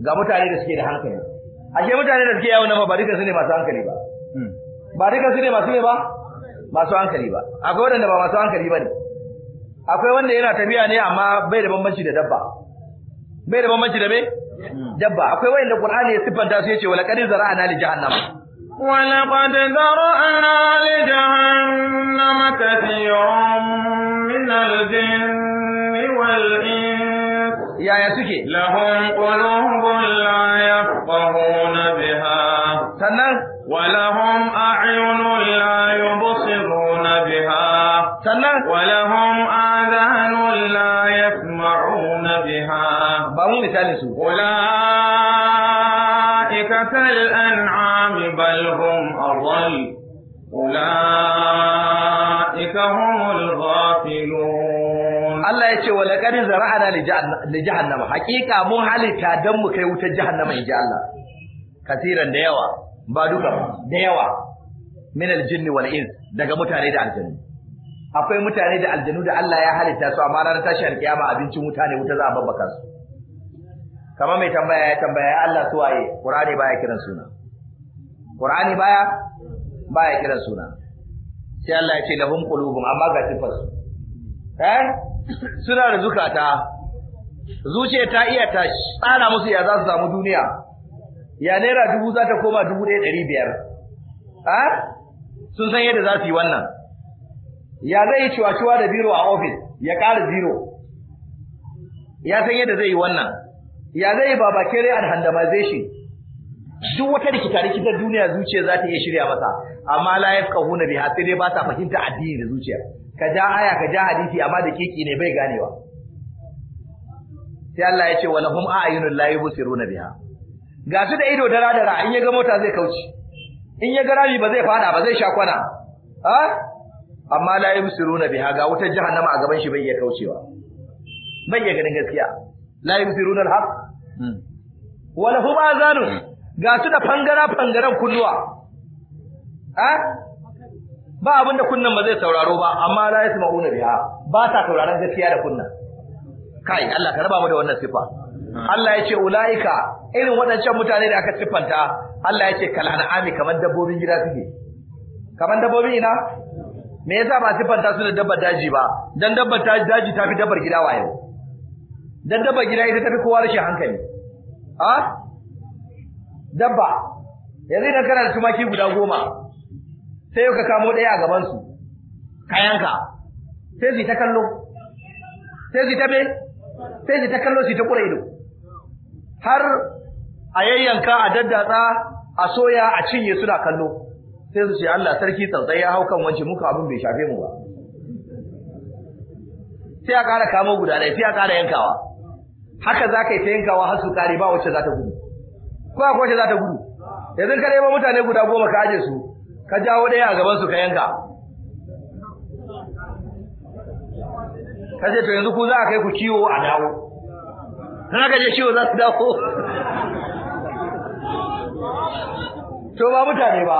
ga mutane da suke da hankali Ake mutane da suke yawo na ba duka su ne masu hankali ba hmm. ba duka su ne masu ne ba masu hankali ba akwai wanda ba masu hankali ba ne akwai wanda yana tafiya ne amma bai da bambanci da dabba bai da bambanci da me dabba akwai wayanda Qur'ani ya sifanta su yace walaqad zara'na li jahannam walaqad zara'na li jahannam katiyum min al-jinni wal ins yaya suke lahum qulubun la yafqahuna biha sannan ولهم أعين لا يبصرون بها ولهم آذان لا يسمعون بها أولئك كالأنعام بل هم أضل أولئك هم الغافلون الله يقول ولقد زرعنا لجهنم حقيقة مو حالي تادم كي وتجهنم إن جاء الله كثيرا ديوا ba duka ba da yawa min aljinni wal ins daga mutane da aljanu akwai mutane da aljanu da Allah ya halitta su amma ranar tashi alkiyama abincin wuta ne wuta za a babbaka su kama mai tambaya ya tambaya ya Allah su waye Qur'ani baya kiran suna Qur'ani baya baya kiran suna sai Allah ya ce lahum qulubun amma ga sifar su eh suna da zukata zuciya ta iya ta tsara musu ya za su samu duniya ya naira dubu za ta koma dubu ɗaya ɗari biyar a sun san yadda za su yi wannan ya zai yi ciwa da biro a ofis ya ƙara biro ya san yadda zai yi wannan ya zai yi babakere and handamization duk wata rikita rikitar duniya zuciya za ta iya shirya masa amma la na biha sai dai ba ta fahimta addini da zuciya ka ja aya ka ja hadisi amma da kiki ne bai ganewa sai Allah ya ce walahum a'yunul la yubsiruna biha ga su da ido dara dara in ya ga mota zai kauce in ya ga rami ba zai fada ba zai sha kwana ha amma la yusiruna biha ga wutar jahannama a gaban shi bai iya kaucewa bai iya ganin gaskiya la yusiruna alhaq wala huma azanu ga su da fangara fangaran kunnuwa ha ba abinda kunnan ba zai sauraro ba amma la yasma'una biha ba ta sauraron gaskiya da kunnan kai Allah ka raba mu da wannan sifa Allah ya ce ulaika irin waɗancan mutane da aka siffanta Allah ya ce kal an'ami kamar dabbobin gida suke kamar dabbobin ina me yasa ba siffanta su da dabbar daji ba dan dabbar daji ta fi dabbar gida waye dan dabbar gida ita ta fi kowa rashin hankali a dabba yanzu idan kana da tumaki guda goma sai ka kamo ɗaya a gaban su kayanka sai su ta kallo sai su ta me sai su ta kallo su ta kura ido har a yayyanka a daddatsa a soya a cinye suna kallo sai su ce Allah sarki tsautsai ya hau kan wance muka abin bai shafe mu ba sai a ƙara kamo guda ɗaya sai a ƙara yankawa haka za ka yi ta yankawa har su ƙare ba wacce za ta gudu ko a wacce za ta gudu yanzu ka nemo mutane guda goma ka aje su ka jawo ɗaya a gaban su ka yanka ka ce to yanzu ku za a kai ku kiwo a dawo haka je ciwo za su dawo to ba mutane ba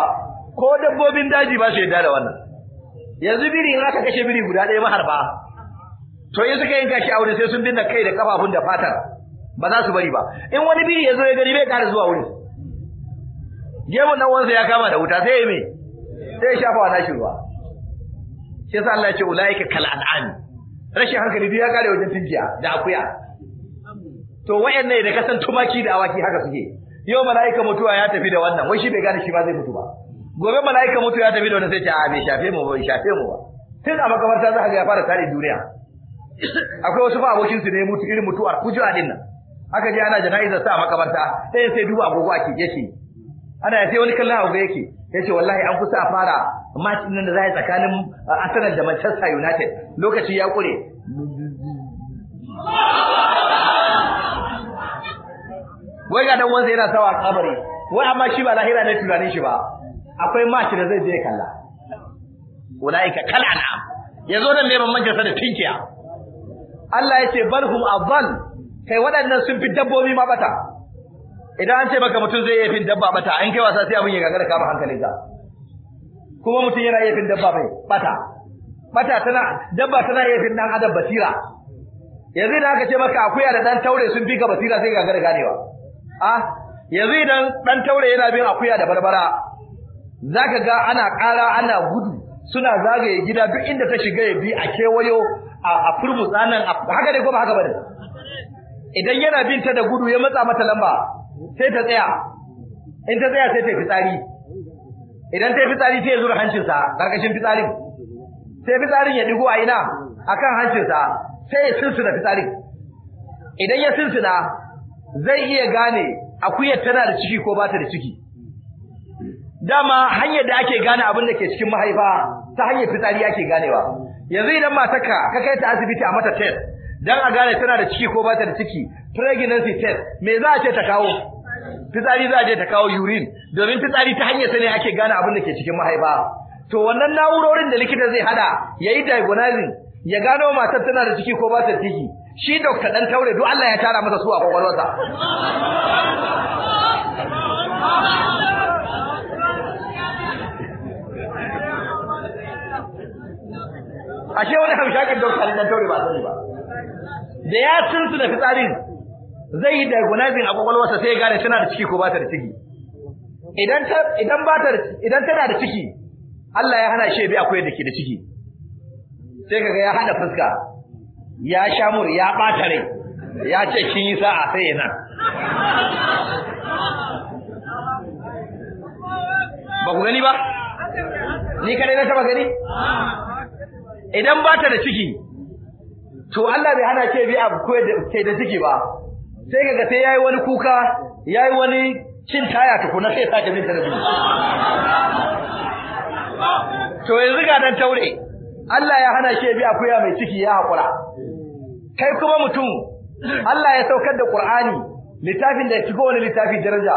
ko dabbobin daji ba su yadda da wannan yanzu biri in aka kashe biri guda ɗaya maharba to in suka yanka a wuri sai sun binne kai da kafafun da fatar ba za su bari ba in wani biri ya zo ya gari bai ƙara zuwa wuri. gemun nan wansa ya kama da wuta sai ya me sai ya shafa wa nashi ruwa shi yasa Allah ya ce ulaika kal rashin hankali duk ya kare wajen tinkiya da akuya to wayannan da kasan tumaki da awaki haka suke yau malaika mutuwa ya tafi da wannan wai shi bai gane shi ba zai mutu ba gobe malaika mutuwa ya tafi da wannan sai ta a shafe mu ba bai shafe mu ba tun a makabarta za ka ga ya fara tare duniya akwai wasu ba abokin su ne mutu irin mutuwar kujiya a dinnan. aka je ana jana'izar sa a makabarta sai sai duba agogo a kike shi ana sai wani kallon agogo yake yace wallahi an kusa a fara match din da za a yi tsakanin Arsenal da Manchester United lokaci ya kure wai ga dan wansa yana sawa kabari wai amma shi ba lahira ne tunanin shi ba akwai mashi da zai je kalla ulaika kalana yazo nan ne bambancin sa da tinkiya Allah ya ce balhum adall kai waɗannan sun fi dabbobi ma bata idan an ce maka mutum zai iya fin dabba bata an kai wasa sai abin ya gagara kama hankali ka kuma mutum yana iya fin dabba bai bata bata tana dabba tana iya fin dan adam basira yanzu da aka ce maka akuya da dan taure sun fi ka basira sai gagara ganewa ah yanzu idan dan taure yana bin akuya da barbara zaka ga ana ƙara ana gudu suna zagaye gida duk inda ta shiga ya bi a kewayo a furbusa nan haka dai ko ba haka bane idan yana bin ta da gudu ya matsa mata lamba sai ta tsaya in ta tsaya sai ta fitsari idan ta fitsari sai ya zura hancinsa karkashin fitsarin sai fitsarin ya digo a ina akan hancinsa sai ya sinsina fitsarin idan ya sinsina zai iya gane akuyar tana da ciki ko ba ta da ciki dama hanyar da ake gane abin da ke cikin mahaifa ta hanyar fitsari ake ganewa yanzu idan matarka ka kai ta asibiti a mata test dan a gane tana da ciki ko ba ta da ciki pregnancy test me za a ce ta kawo fitsari za a je ta kawo urine domin fitsari ta hanyar ta ne ake gane abin da ke cikin mahaifa to wannan na'urorin da likita zai hada yayi diagnosing ya gano matar tana da ciki ko ba ta ciki shi dokta dan taure duk Allah ya tara masa su a kwakwalwarsa ashe wani hamshakin dokta ne dan taure ba sani ba da ya tsinsu da fitsarin zai yi da gunazin a kokolwarsa sai ya gane tana da ciki ko ba ta da ciki idan ta idan ba ta idan tana da ciki Allah ya hana shi bi akwai da ke da ciki sai kaga ya hada fuska ya shamur ya bata ya ce kin yi sa'a sai yana ba ku gani ba ni kare na taba gani idan ba ta da ciki to Allah bai hana ce bi abu ke da ciki ba sai kaga sai yayi wani kuka yayi wani cin taya ta kuna sai ya sake ta da to yanzu ga dan taure Allah ya hana ke bi akuya mai ciki ya hakura kai kuma mutum Allah ya saukar da Qur'ani littafin da ya shigo wani littafi daraja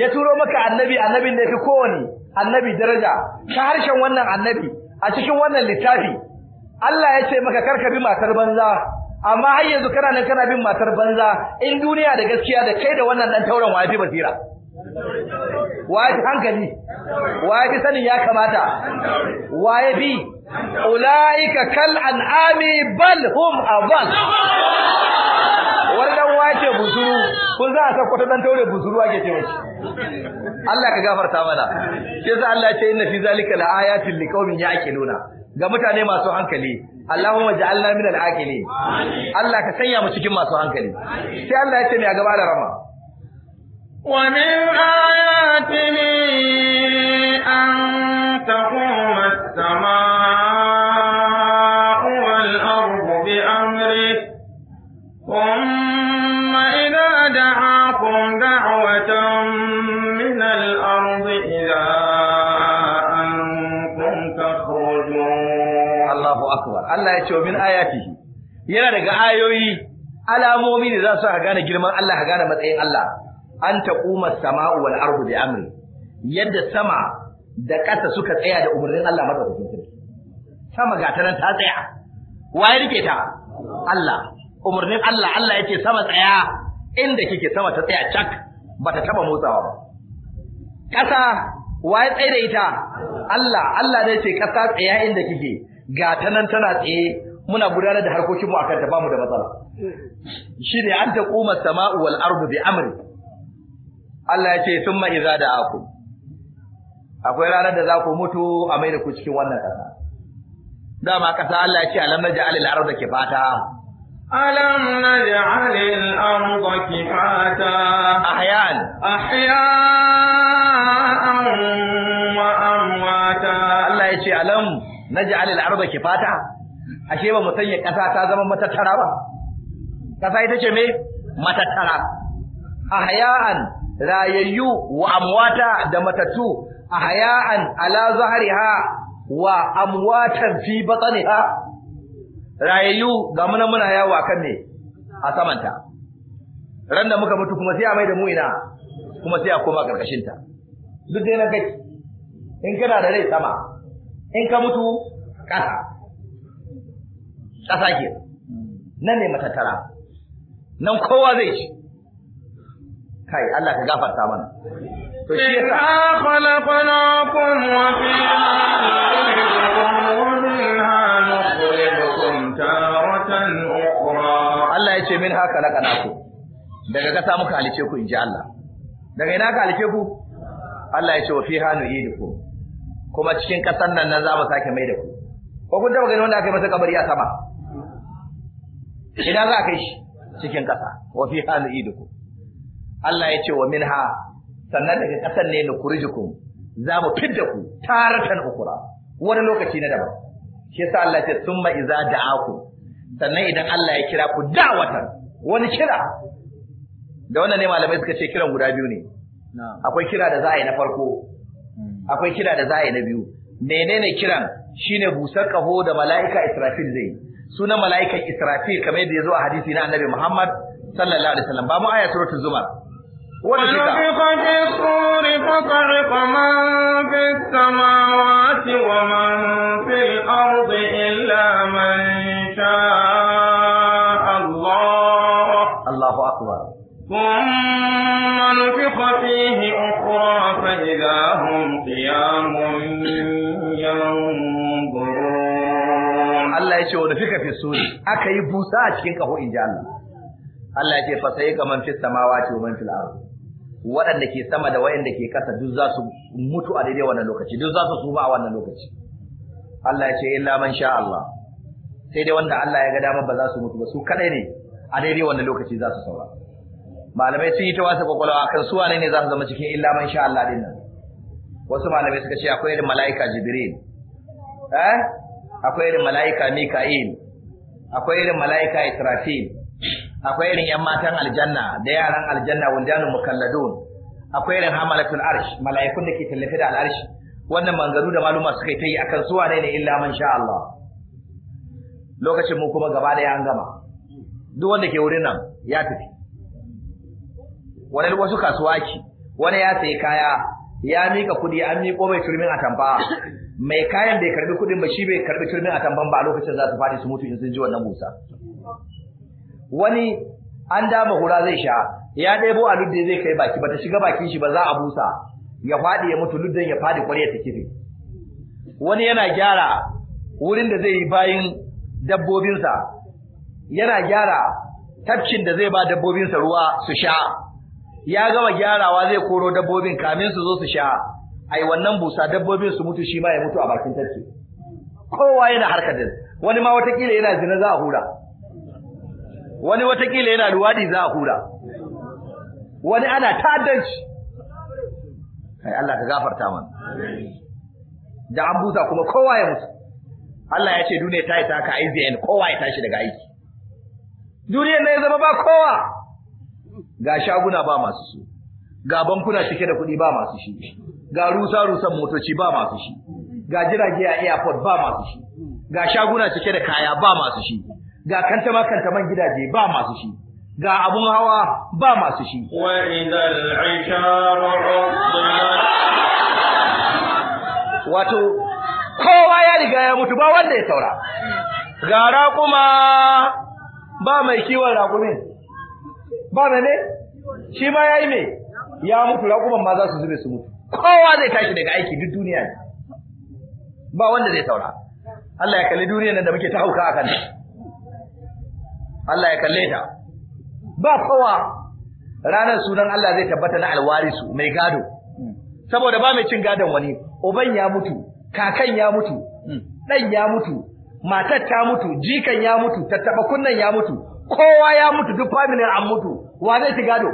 ya turo maka annabi annabin da ya fi kowani annabi daraja ta harshen wannan annabi a cikin wannan littafi Allah ya ce maka karka bi matar banza amma har yanzu kana nan kana bin matar banza in duniya da gaskiya da kai da wannan dan tauran wafi basira wafi hankali wafi sanin ya kamata wafi ulaika kal an'ami bal hum adall wannan wace buzuru ko za a sako dan taure buzuru ake ce mace Allah ka gafarta mana sai sai Allah ce inna fi zalika la ayatin liqaumin yaqiluna ga mutane masu hankali Allahumma ja'alna al aqilin Allah ka sanya mu cikin masu hankali sai Allah ya ce mai gaba da rama wa min ayatihi an تقوم السماء والأرض بأمره ثم إذا دعاكم دعوة من الأرض إذا أنتم تخرجون الله أكبر الله يتوب من آياته yana daga ayoyi alamomi ne za su ka gane girman Allah ka gane matsayin Allah an taquma as-sama'u wal ardu bi amri yadda sama da ƙasa suka tsaya da umarnin Allah madaukakin sarki sama gatanan ta tsaya waye rike ta Allah umarnin Allah Allah yake sama tsaya inda kike sama ta tsaya cak bata taba motsawa ba ƙasa waye tsaye da ita Allah Allah ne ce ƙasa tsaya inda kike nan tana tsaye muna gudanar da harkokinmu akan ta bamu da matsala shine an taquma sama'u wal ardu bi amri Allah ya ce thumma idza da'akum akwai ranar da za ku mutu a mai da ku cikin wannan ƙasa dama ƙasa Allah ya ce alam naj'al al da ke kifata alam naj'al al ke kifata ahyan ahyan wa amwata Allah ya ce alam naj'al al ke kifata ashe ba mu sanya ƙasa ta zama matattara ba ƙasa ita ce me matattara ahya'an rayayyu wa amwata da matattu. ahya'an ala zahriha wa amwatan fi batniha rayu ga muna muna yawa kan ne a samanta ran da muka mutu kuma sai a mai da mu ina kuma sai a koma karkashin ta duk dai na kai in kana da rai sama in ka mutu ƙasa kasa ke nan ne matattara nan kowa zai ci kai Allah ka gafarta mana to shi Allah ya ce min haka khalaqnakum daga ƙasa muka halice ku in ji Allah daga ina ka halice ku Allah ya ce wa fi fiha ku. kuma cikin kasan nan nan za mu sake mai da ku ko kun taba gani wanda aka yi masa kabari a sama ina za ka yi shi cikin kasa wa fi fiha ku. Allah ya ce wa min ha. sannan daga ƙasar ne da kurjukum za mu fidda ku taratan ukura wani lokaci na daban shi yasa Allah ce summa iza aku. sannan idan Allah ya kira ku da'watan wani kira da wannan ne malamai suka ce kiran guda biyu ne akwai kira da za a yi na farko hmm. akwai kira da za a yi na biyu menene kiran shine busar kaho da mala'ika Israfil zai sunan mala'ikan Israfil kamar yadda ya zo a hadisi na Annabi Muhammad sallallahu alaihi wasallam ba mu aya suratul zumar ونفخ في الصور فصعق من في السماوات ومن في الأرض إلا من شاء الله الله أكبر ثم نفخ فيه أخرى فإذا هم قيام ينظرون الله يشهد ونفخ في الصور أكي بوسا أشكين كهو الله Allah ya من في السماوات ومن في الأرض waɗanda ke sama da waɗanda ke kasa duk za su mutu a daidai wannan lokaci duk za su suma a wannan lokaci Allah ya ce illa man sha Allah sai dai wanda Allah ya ga dama ba za su mutu ba su kadai ne a daidai wannan lokaci za su saura malamai sun yi ta wasa kwakwalwa kan su wane ne za su zama cikin illa man sha Allah din nan wasu malamai suka ce akwai irin mala'ika Jibril eh akwai irin mala'ika Mika'il akwai irin mala'ika Israfil akwai irin yan matan aljanna da yaran aljanna wundanu mukalladun akwai irin hamalatul arsh mala'ikun da ke tallafi da al'arshi wannan mangaru da maluma suka yi ta yi akan zuwa ne illa man sha Allah lokacin mu kuma gaba da an gama duk wanda ke wurin nan ya tafi wani wasu kasuwa ki wani ya sayi kaya ya mika kuɗi an miko mai turmin atamfa mai kayan ya karbi kudin ba shi bai karbi turmin atamfan ba a lokacin za su fadi su mutu in sun ji wannan musa wani an dama hura zai sha ya ɗebo a ludde zai kai baki bata shiga bakin shi ba za a busa ya faɗi ya mutu ludden ya faɗi kwarya ta kife wani yana gyara wurin da zai yi bayin dabbobinsa yana gyara tafcin da zai ba dabbobinsa ruwa su sha ya gama gyarawa zai koro dabbobin kamin su zo su sha ai wannan busa dabbobin su mutu shi ma ya mutu a bakin tafki kowa yana harkar da wani ma watakila yana zina za a hura wani watakila yana luwadi za a hura wani ana ta'addanci kai Allah ka gafarta mana da an busa kuma kowa ya mutu Allah ya ce duniya ta yi ta ka IBN kowa ya tashi daga aiki duniyar ne ya zama ba kowa ga shaguna ba masu su ga bankuna cike da kuɗi ba masu shi ga rusa-rusan motoci ba masu shi ga jirage a airport ba masu shi ga shaguna cike da kaya ba masu shi ga kanta ma kanta man gidaje ba masu shi ga abun hawa ba masu shi wa idal isharu wato kowa ya riga ya mutu ba wanda ya saura ga raƙuma ba mai kiwon raƙumin ba ne shi ma yayi me ya mutu raƙuman ma za su zube su mutu kowa zai tashi daga aiki duk duniya ba wanda zai saura Allah ya kalli duniyar nan da muke ta hauka akan Allah ya kalle ta ba kowa ranar sunan Allah zai tabbata na alwarisu mai gado saboda ba mai cin gadon wani uban ya mutu kakan ya mutu dan ya mutu matar ta mutu jikan ya mutu tattaba kunnan ya mutu kowa ya mutu duk family an mutu wa zai ci gado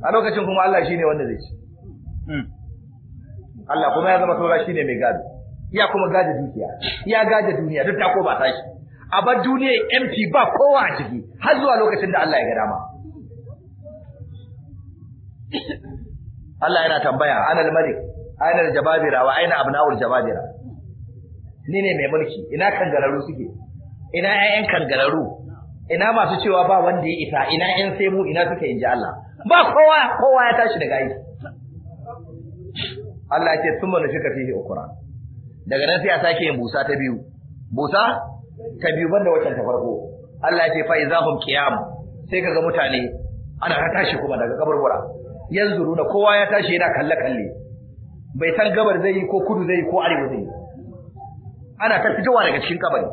a lokacin kuma Allah shine wanda zai ci Allah kuma ya zama saura shine mai gado ya kuma gaje dukiya ya gaje duniya duk ta ko ba tashi a bar duniyar empty ba kowa a ciki har zuwa lokacin da Allah ya gada ma. Allah yana tambaya al malik al jababira wa aina abnaul jababira ni ne mai mulki ina kangararu suke ina ƴaƴan kangararu ina masu cewa ba wanda ya isa ina ƴan sai mu ina suke inji Allah ba kowa kowa ya tashi daga aiki Allah ya ce sun ba da fika fihi ukura daga nan sai a sake yin busa ta biyu busa Ka biyu banda waccan ta farko Allah ya ce fa izahum qiyam sai kaga mutane ana ta tashi kuma daga kaburbura yanzu na kowa ya tashi yana kalle kalle bai san gabar zai yi ko kudu zai yi ko arewa zai yi ana ta fitowa daga cikin kabari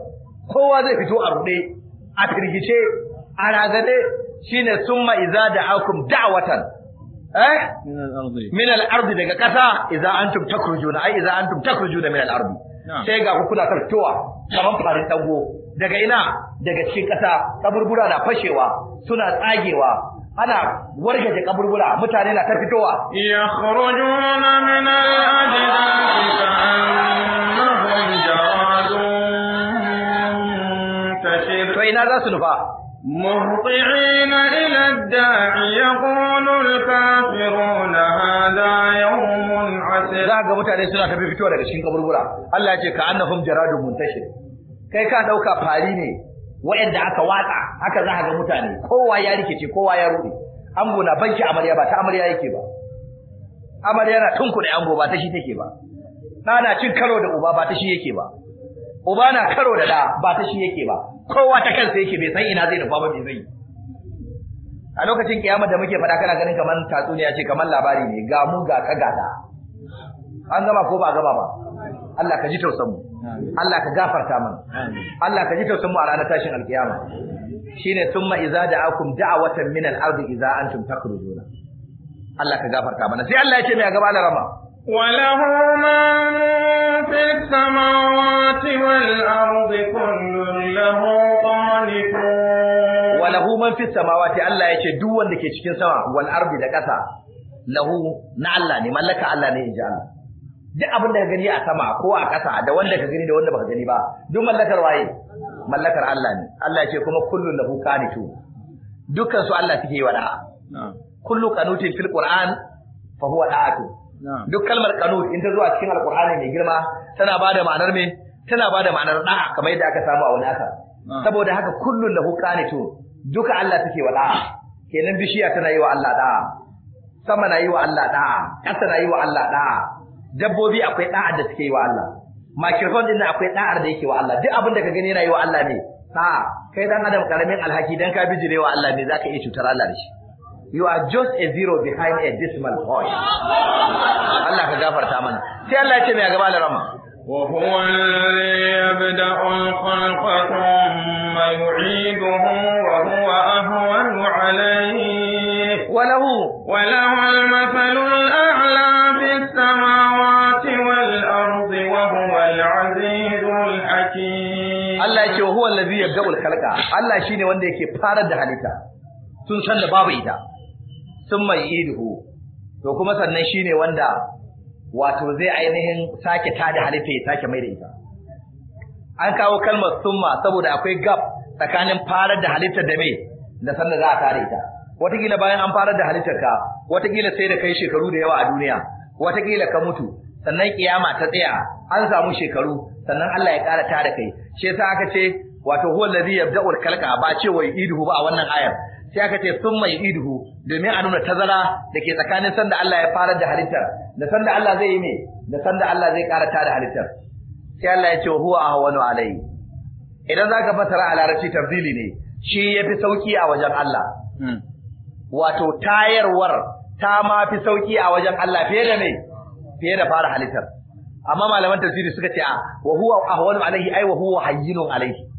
kowa zai fito a rude a firgice a ragade shine summa iza da'akum da'watan eh min al-ardi daga kasa iza antum takrujuna ai iza antum takrujuna min al-ardi sai ga ku kuna tartowa kamar farin dango daga ina daga cikin ƙasa kaburbura na fashewa suna tsagewa ana wargaje kaburbura mutane na ta fitowa yakhrujuna min al-ajdathi ka'annahum jaradun tashir to ina za su nufa مهطعين إلى الداع يقول الكافرون هذا يوم عسر ذاك mutane suna tafi fito daga cikin kaburbura Allah ya ce ka annahum jaradun muntashir kai ka ɗauka fari ne wa'anda aka watsa haka za ga mutane kowa ya rikice kowa ya rude ango na banki amarya ba ta amarya yake ba amarya na tunku da ango ba ta shi take ba ɗana cin karo da uba ba ta shi yake ba uba na karo da da ba ta shi yake ba kowa ta kansa yake bai san ina zai nufa ba bai zai a lokacin kiyama da muke faɗa kana ganin kamar tatsuniya ce kamar labari ne ga mu ga ka gada an gama ko ba gama ba Allah ka ji tausan mu Allah ka gafarta mana Allah ka ji tausan mu a ranar tashin alkiyama shine thumma idza da'akum da'watan min al-ardi idza antum takhrujuna Allah ka gafarta mana sai Allah ya ce mai gaba rama. وله ما في السماوات والأرض كل له قانتون وله ما في السماوات الله يشهد duk wanda ke cikin sama wal ardi da ƙasa lahu na Allah ne mallaka Allah ne inji Allah duk abin da ka gani a sama ko a ƙasa da wanda ka gani da wanda baka gani ba duk mallakar waye mallakar Allah ne Allah ya ce kuma kullu lahu qanitun dukkan su Allah suke yi wa da'a kullu qanutin fil qur'an fa huwa da'atun duk kalmar qanut in ta zo a cikin alqur'ani mai girma tana bada ma'anar me tana bada ma'anar da kamar yadda aka samu a wani aka saboda haka kullun lahu qanitu. duka Allah take wa da'a kenan bishiya tana yi wa Allah da'a sama na yi wa Allah da'a ƙasa na yi wa Allah da'a dabbobi akwai da'a da suke yi wa Allah microphone din akwai da'ar da yake wa Allah duk abin da ka gani yana yi wa Allah ne ha, kai dan adam karamin alhaki dan ka wa Allah ne zaka iya cutar Allah da shi you are just a zero behind a decimal point Allah ka gafarta mana sai Allah ya ce mai gaba da rama وهو الذي يبدأ الخلق ثم يعيده وهو أهون عليه وله وله المثل الأعلى في السماوات والأرض وهو العزيز الحكيم الله يقول هو الذي يبدأ الخلق الله شيء وانده يكي فارد حالك تنسان بابا إذا summa yu'iduhu to kuma sannan shine wanda wato zai ainihin sake tada halitta ya sake mai da ita an kawo kalmar summa saboda akwai gap tsakanin farar da halittar da mai da sannan za a tare ita wataƙila bayan an farar da halittar ka wataƙila sai da kai shekaru da yawa a duniya wataƙila ka mutu sannan kiyama ta tsaya an samu shekaru sannan Allah ya ƙara tada kai shi yasa aka ce wato huwa allazi yabda'ul khalqa ba ce wai idhu ba a wannan ayar sai aka ce sun mai iduhu domin a nuna tazara da ke tsakanin sanda Allah ya fara da halittar da sanda Allah zai yi me da sanda Allah zai karata da halittar sai Allah ya ce huwa ahwanu alai idan zaka fasara a larabci tafdili ne shi yafi sauki a wajen Allah hmm. wato tayarwar ta ma fi sauki a wajen Allah fiye da me fiye da fara halittar amma malaman tafsiri suka ce a wa huwa ahwanu alaihi ai wa huwa hayyinun alaihi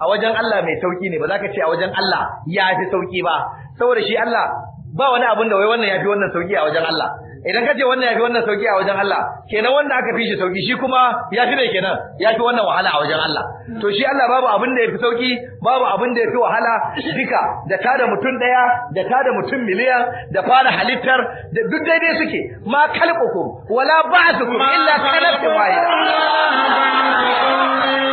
a wajen Allah mai sauki ne ba za ka ce a wajen Allah ya fi sauki ba saboda shi Allah ba wani abin da wai wannan ya fi wannan sauki a wajen Allah idan ka ce wannan ya fi wannan sauki a wajen Allah kenan wanda aka fi shi sauki shi kuma ya fi mai kenan ya fi wannan wahala a wajen Allah to shi Allah babu abin da ya fi sauki babu abin da ya fi wahala duka da da mutum ɗaya, da da mutum miliyan da fara halittar da duk daidai suke ma khalqukum wala ba'thukum illa ka wahida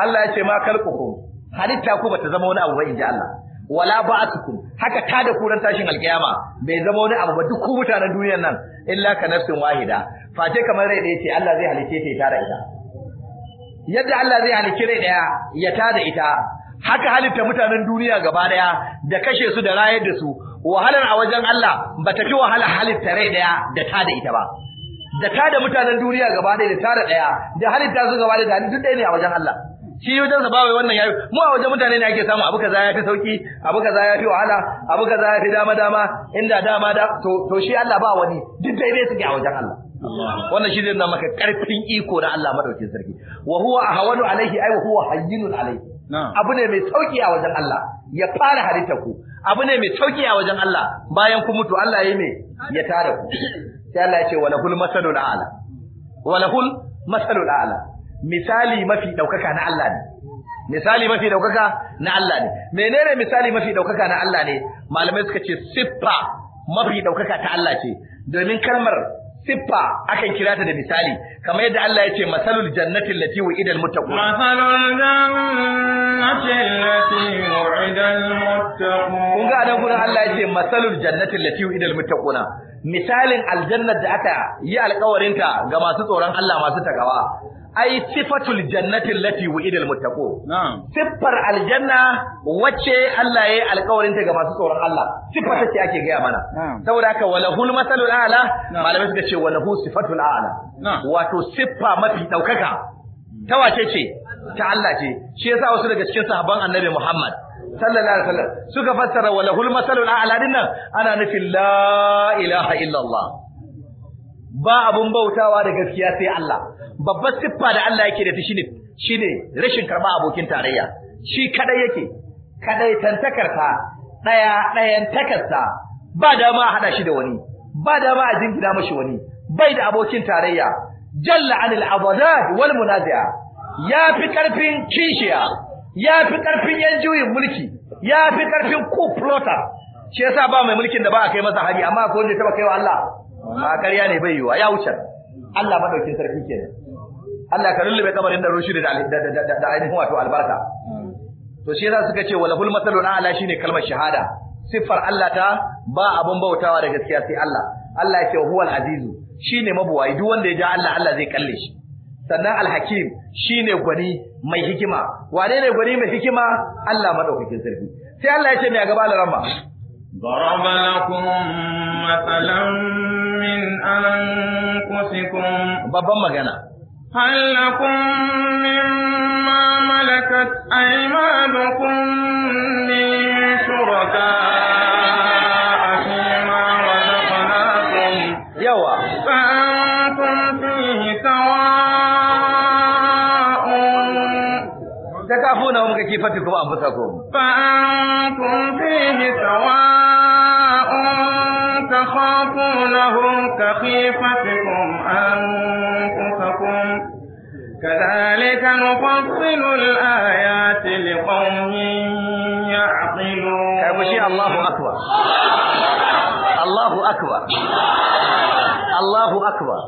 Allah ya ce ma kalqukum halitta ku bata zama wani abu ba inji Allah wala ba'atukum haka ta da kuran tashin alkiyama bai zama wani abu ba duk ku mutanen duniyar nan illa ka nafsin wahida face kamar rai da ce Allah zai halice ta tare ita yadda Allah zai halice rai daya ya tada ita haka halitta mutanen duniya gaba daya da kashe su da rayar da su wahalar a wajen Allah ba ta fi wahala halitta rai daya da da ita ba da da mutanen duniya gaba daya da tara daya da halitta su gaba daya da duk ɗaya ne a wajen Allah shi wajen sa bawai wannan yayi mu a wajen mutane ne ake samu abu kaza yafi sauki abu kaza yafi wahala abu kaza yafi dama dama inda dama da to to shi Allah ba wani duk daidai suke a wajen Allah wannan shi zai nuna maka karfin iko na Allah madaukin sarki wa huwa ahwanu alaihi ai wa huwa hayyinun alaihi abu ne mai sauki a wajen Allah ya fara halitta ku abu ne mai sauki a wajen Allah bayan ku mutu Allah yayi me ya tare ku sai Allah ya ce wa lahul masalul a'la wa lahul masalul a'la misali mafi daukaka na Allah ne misali mafi daukaka na Allah ne menene misali mafi daukaka na Allah ne malamai suka ce siffa mafi daukaka ta Allah ce domin kalmar siffa akan kira ta da misali kamar yadda Allah ya ce masalul jannati allati wu'ida almuttaqun masalul jannati allati wu'ida almuttaqun kun ga dan gurin Allah ya ce masalul jannati allati wu'ida almuttaquna misalin aljannar da aka yi alkawarinta ga masu tsoron Allah masu takawa ai sifatul jannati allati wu'idal muttaqu siffar aljanna wacce Allah ya yi alkawarinta ga masu tsoron Allah sifata ce ake gaya mana saboda haka walahul masalul a'la malamai suka ce walahu sifatul a'la wato siffa mafi daukaka ta wace ce ta Allah ce shi yasa wasu daga cikin sahabban Annabi Muhammad sallallahu alaihi wasallam suka fassara wa lahul masalul a'la dinnan ana nufin la ilaha illallah ba abun bautawa da gaskiya sai Allah babbar siffa da Allah yake da ta shine shine rashin karba abokin tarayya shi kadai yake kadai tantakarta daya dayan takarta ba dama a hada shi da wani ba dama a jingina mashi wani bai da abokin tarayya jalla anil abadah wal munazi'a ya fi karfin kishiya ya fi ƙarfin yan juyin mulki ya fi ƙarfin ku plota shi ba mai mulkin da ba a kai masa hari amma ko wanda taba kai wa Allah ba ƙarya ne bai yiwa ya wuce Allah madaukin sarki kenan Allah ka rullube kamar inda rushi da da ainihin wato albarka to shi yasa suka ce walahul masalun ala shine kalmar shahada siffar Allah ta ba abun bautawa da gaskiya sai Allah Allah yake huwal azizu shine mabuwai duk wanda ya ja Allah Allah zai kalle shi sannan alhakim shi ne gwani mai hikima wane ne gwani mai hikima Allah madaukakin sarki sai Allah ya ce mai gaba alarama ضرب لكم مثلا من أنفسكم بابا مغانا هل لكم مما ملكت أيمانكم من fati kuma an fasa ko. Fa an kun fihi sawa ta kwafu na hun ka fi fati kun ka kun. Allahu Akbar.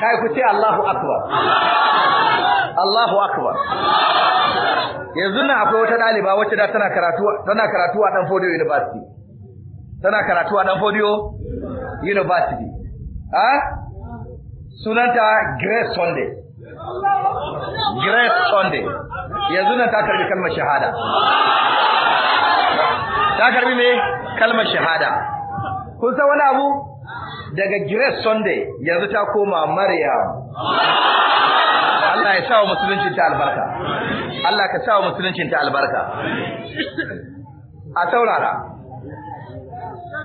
kai ku ce Allahu akbar Allahu akbar yanzu nan akwai wata daliba wacce da tana karatu tana karatu a Danfodiyo University tana karatu a Danfodiyo University ha sunanta Grace Sunday Grace Sunday yanzu nan ta karbi kalmar shahada ta karbi me kalmar shahada kun san wani abu daga Grace Sunday yanzu ta koma Maryam Allah ya sa wa musuluncin ta albarka Allah ka sa wa musuluncin ta albarka a saurara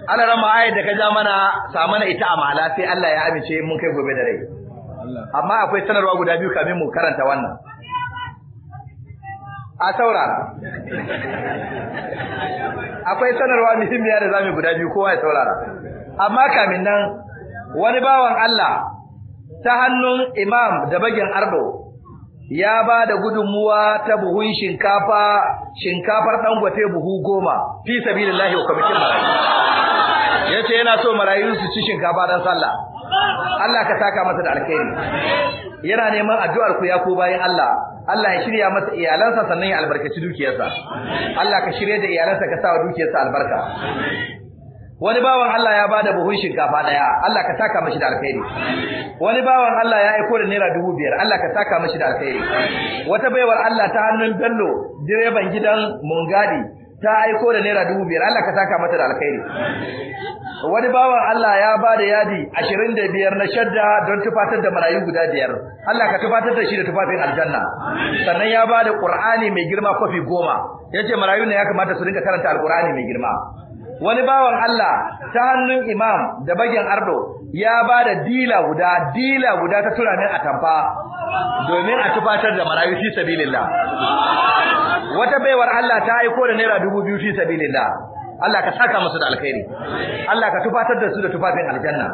Ana rama ayi da ka ja mana sa mana ita amala sai Allah ya amince mun kai gobe da rai amma akwai sanarwa guda biyu kamin mu karanta wannan a saurara akwai sanarwa muhimmiya da zamu guda biyu kowa ya saurara amma kamin nan wani bawan Allah ta hannun imam da bagin ardo ya ba da gudunmuwa ta buhun shinkafa shinkafar dangote buhu goma fi sabilillahi wa kwamitin marayu ce yana so marayu su ci shinkafa dan sallah Allah ka saka masa da alkhairi yana neman addu'ar ku ya ko bayan Allah Allah ya shirya masa iyalansa sannan ya albarkaci dukiyarsa Allah ka shirya da iyalansa ka sa wa dukiyarsa albarka wani bawan Allah ya bada buhun shinkafa daya Allah ka saka mashi da alkhairi wani bawan Allah ya aiko da naira dubu biyar Allah ka saka mashi da alkhairi wata baiwar Allah ta hannun Bello direban gidan Mungadi ta aiko da naira dubu biyar Allah ka saka mata da alkhairi wani bawan Allah ya bada yadi ashirin da biyar na shadda don tufatar da marayu guda biyar Allah ka tufatar da shi da tufafin aljanna sannan ya bada Qur'ani mai girma kofi goma yace marayu ne ya kamata su rinka karanta alqur'ani mai girma wani bawan Allah ta hannun imam da bagin ardo ya ba da dila guda dila guda ta a atamfa domin a tufatar da marayu fi sabilillah wata baiwar Allah ta aiko da naira dubu biyu fi sabilillah Allah ka saka musu da alkhairi Allah ka tufatar da su da tufafin aljanna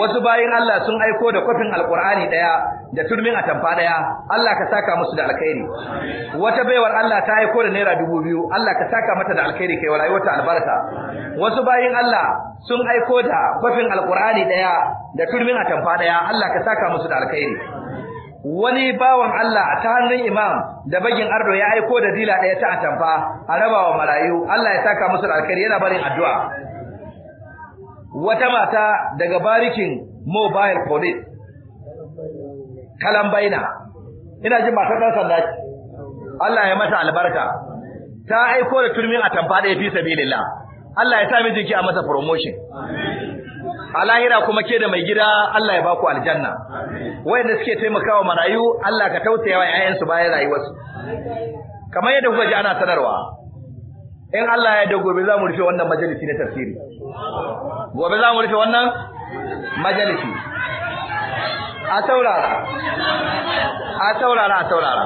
wasu bayin Allah sun aiko da kofin alqur'ani daya da turmin atamfa daya Allah ka saka musu da alkhairi wata baiwar Allah ta aiko da naira dubu biyu Allah ka saka mata da alkhairi kai wa wata albarka wasu bayin Allah sun aiko da kofin alqur'ani daya da turmin atamfa daya Allah ka saka musu da alkhairi wani bawan Allah ta hannun imam da bagin ardo ya aiko da dila ɗaya ta atamfa a rabawa marayu Allah ya saka musu alkari yana barin addu'a wata mata daga barikin mobile police kalambaina ina jin matar dan sanda Allah ya mata albarka ta aiko da turmin atamfa ɗaya fi sabilillah Allah ya sa mijinki a masa promotion amin a lahira kuma ke da mai gida Allah ya baku aljanna wayanda suke taimakawa marayu Allah ka tausaya wa ƴaƴansu bayan rayuwarsu kamar yadda kuka ji ana sanarwa in Allah ya da gobe za mu rufe wannan majalisi na tafsiri gobe za mu rufe wannan majalisi a taurara a taurara a taurara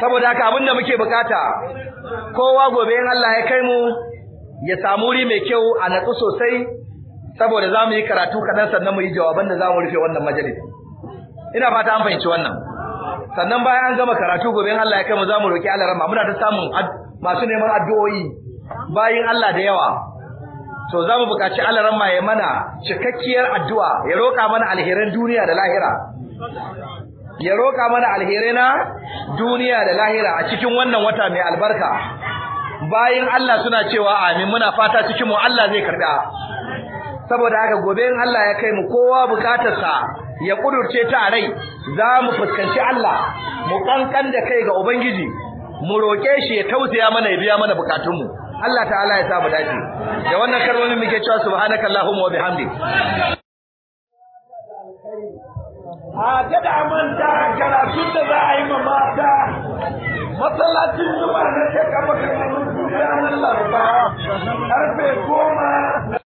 saboda haka abinda muke bukata kowa gobe in Allah ya kai mu ya samu wuri mai kyau a natsu sosai saboda za mu yi karatu kaɗan sannan mu yi jawaban da za mu rufe wannan majalis ina fata an fahimci wannan sannan bayan an gama karatu gobe in Allah ya kai mu za mu roki Allah rahma muna ta samun masu neman addu'o'i bayin Allah da yawa to za mu buƙaci Allah rahma ya mana cikakkiyar addu'a ya roƙa mana alherin duniya da lahira ya roƙa mana alherai na duniya da lahira a cikin wannan wata mai albarka bayin Allah suna cewa amin muna fata cikin mu Allah zai karɓa saboda haka gobe in Allah ya kai mu kowa bukatarsa ya kudurce ta a rai za mu fuskanci Allah mu kankan da kai ga ubangiji mu roke shi ya tausaya mana ya biya mana bukatunmu Allah ta'ala ya sa mu dace da wannan kalmomin muke cewa subhanakallahumma wa bihamdik a gada manta karatun da za a yi ma mata masallacin zuwa na shekaru da karfe goma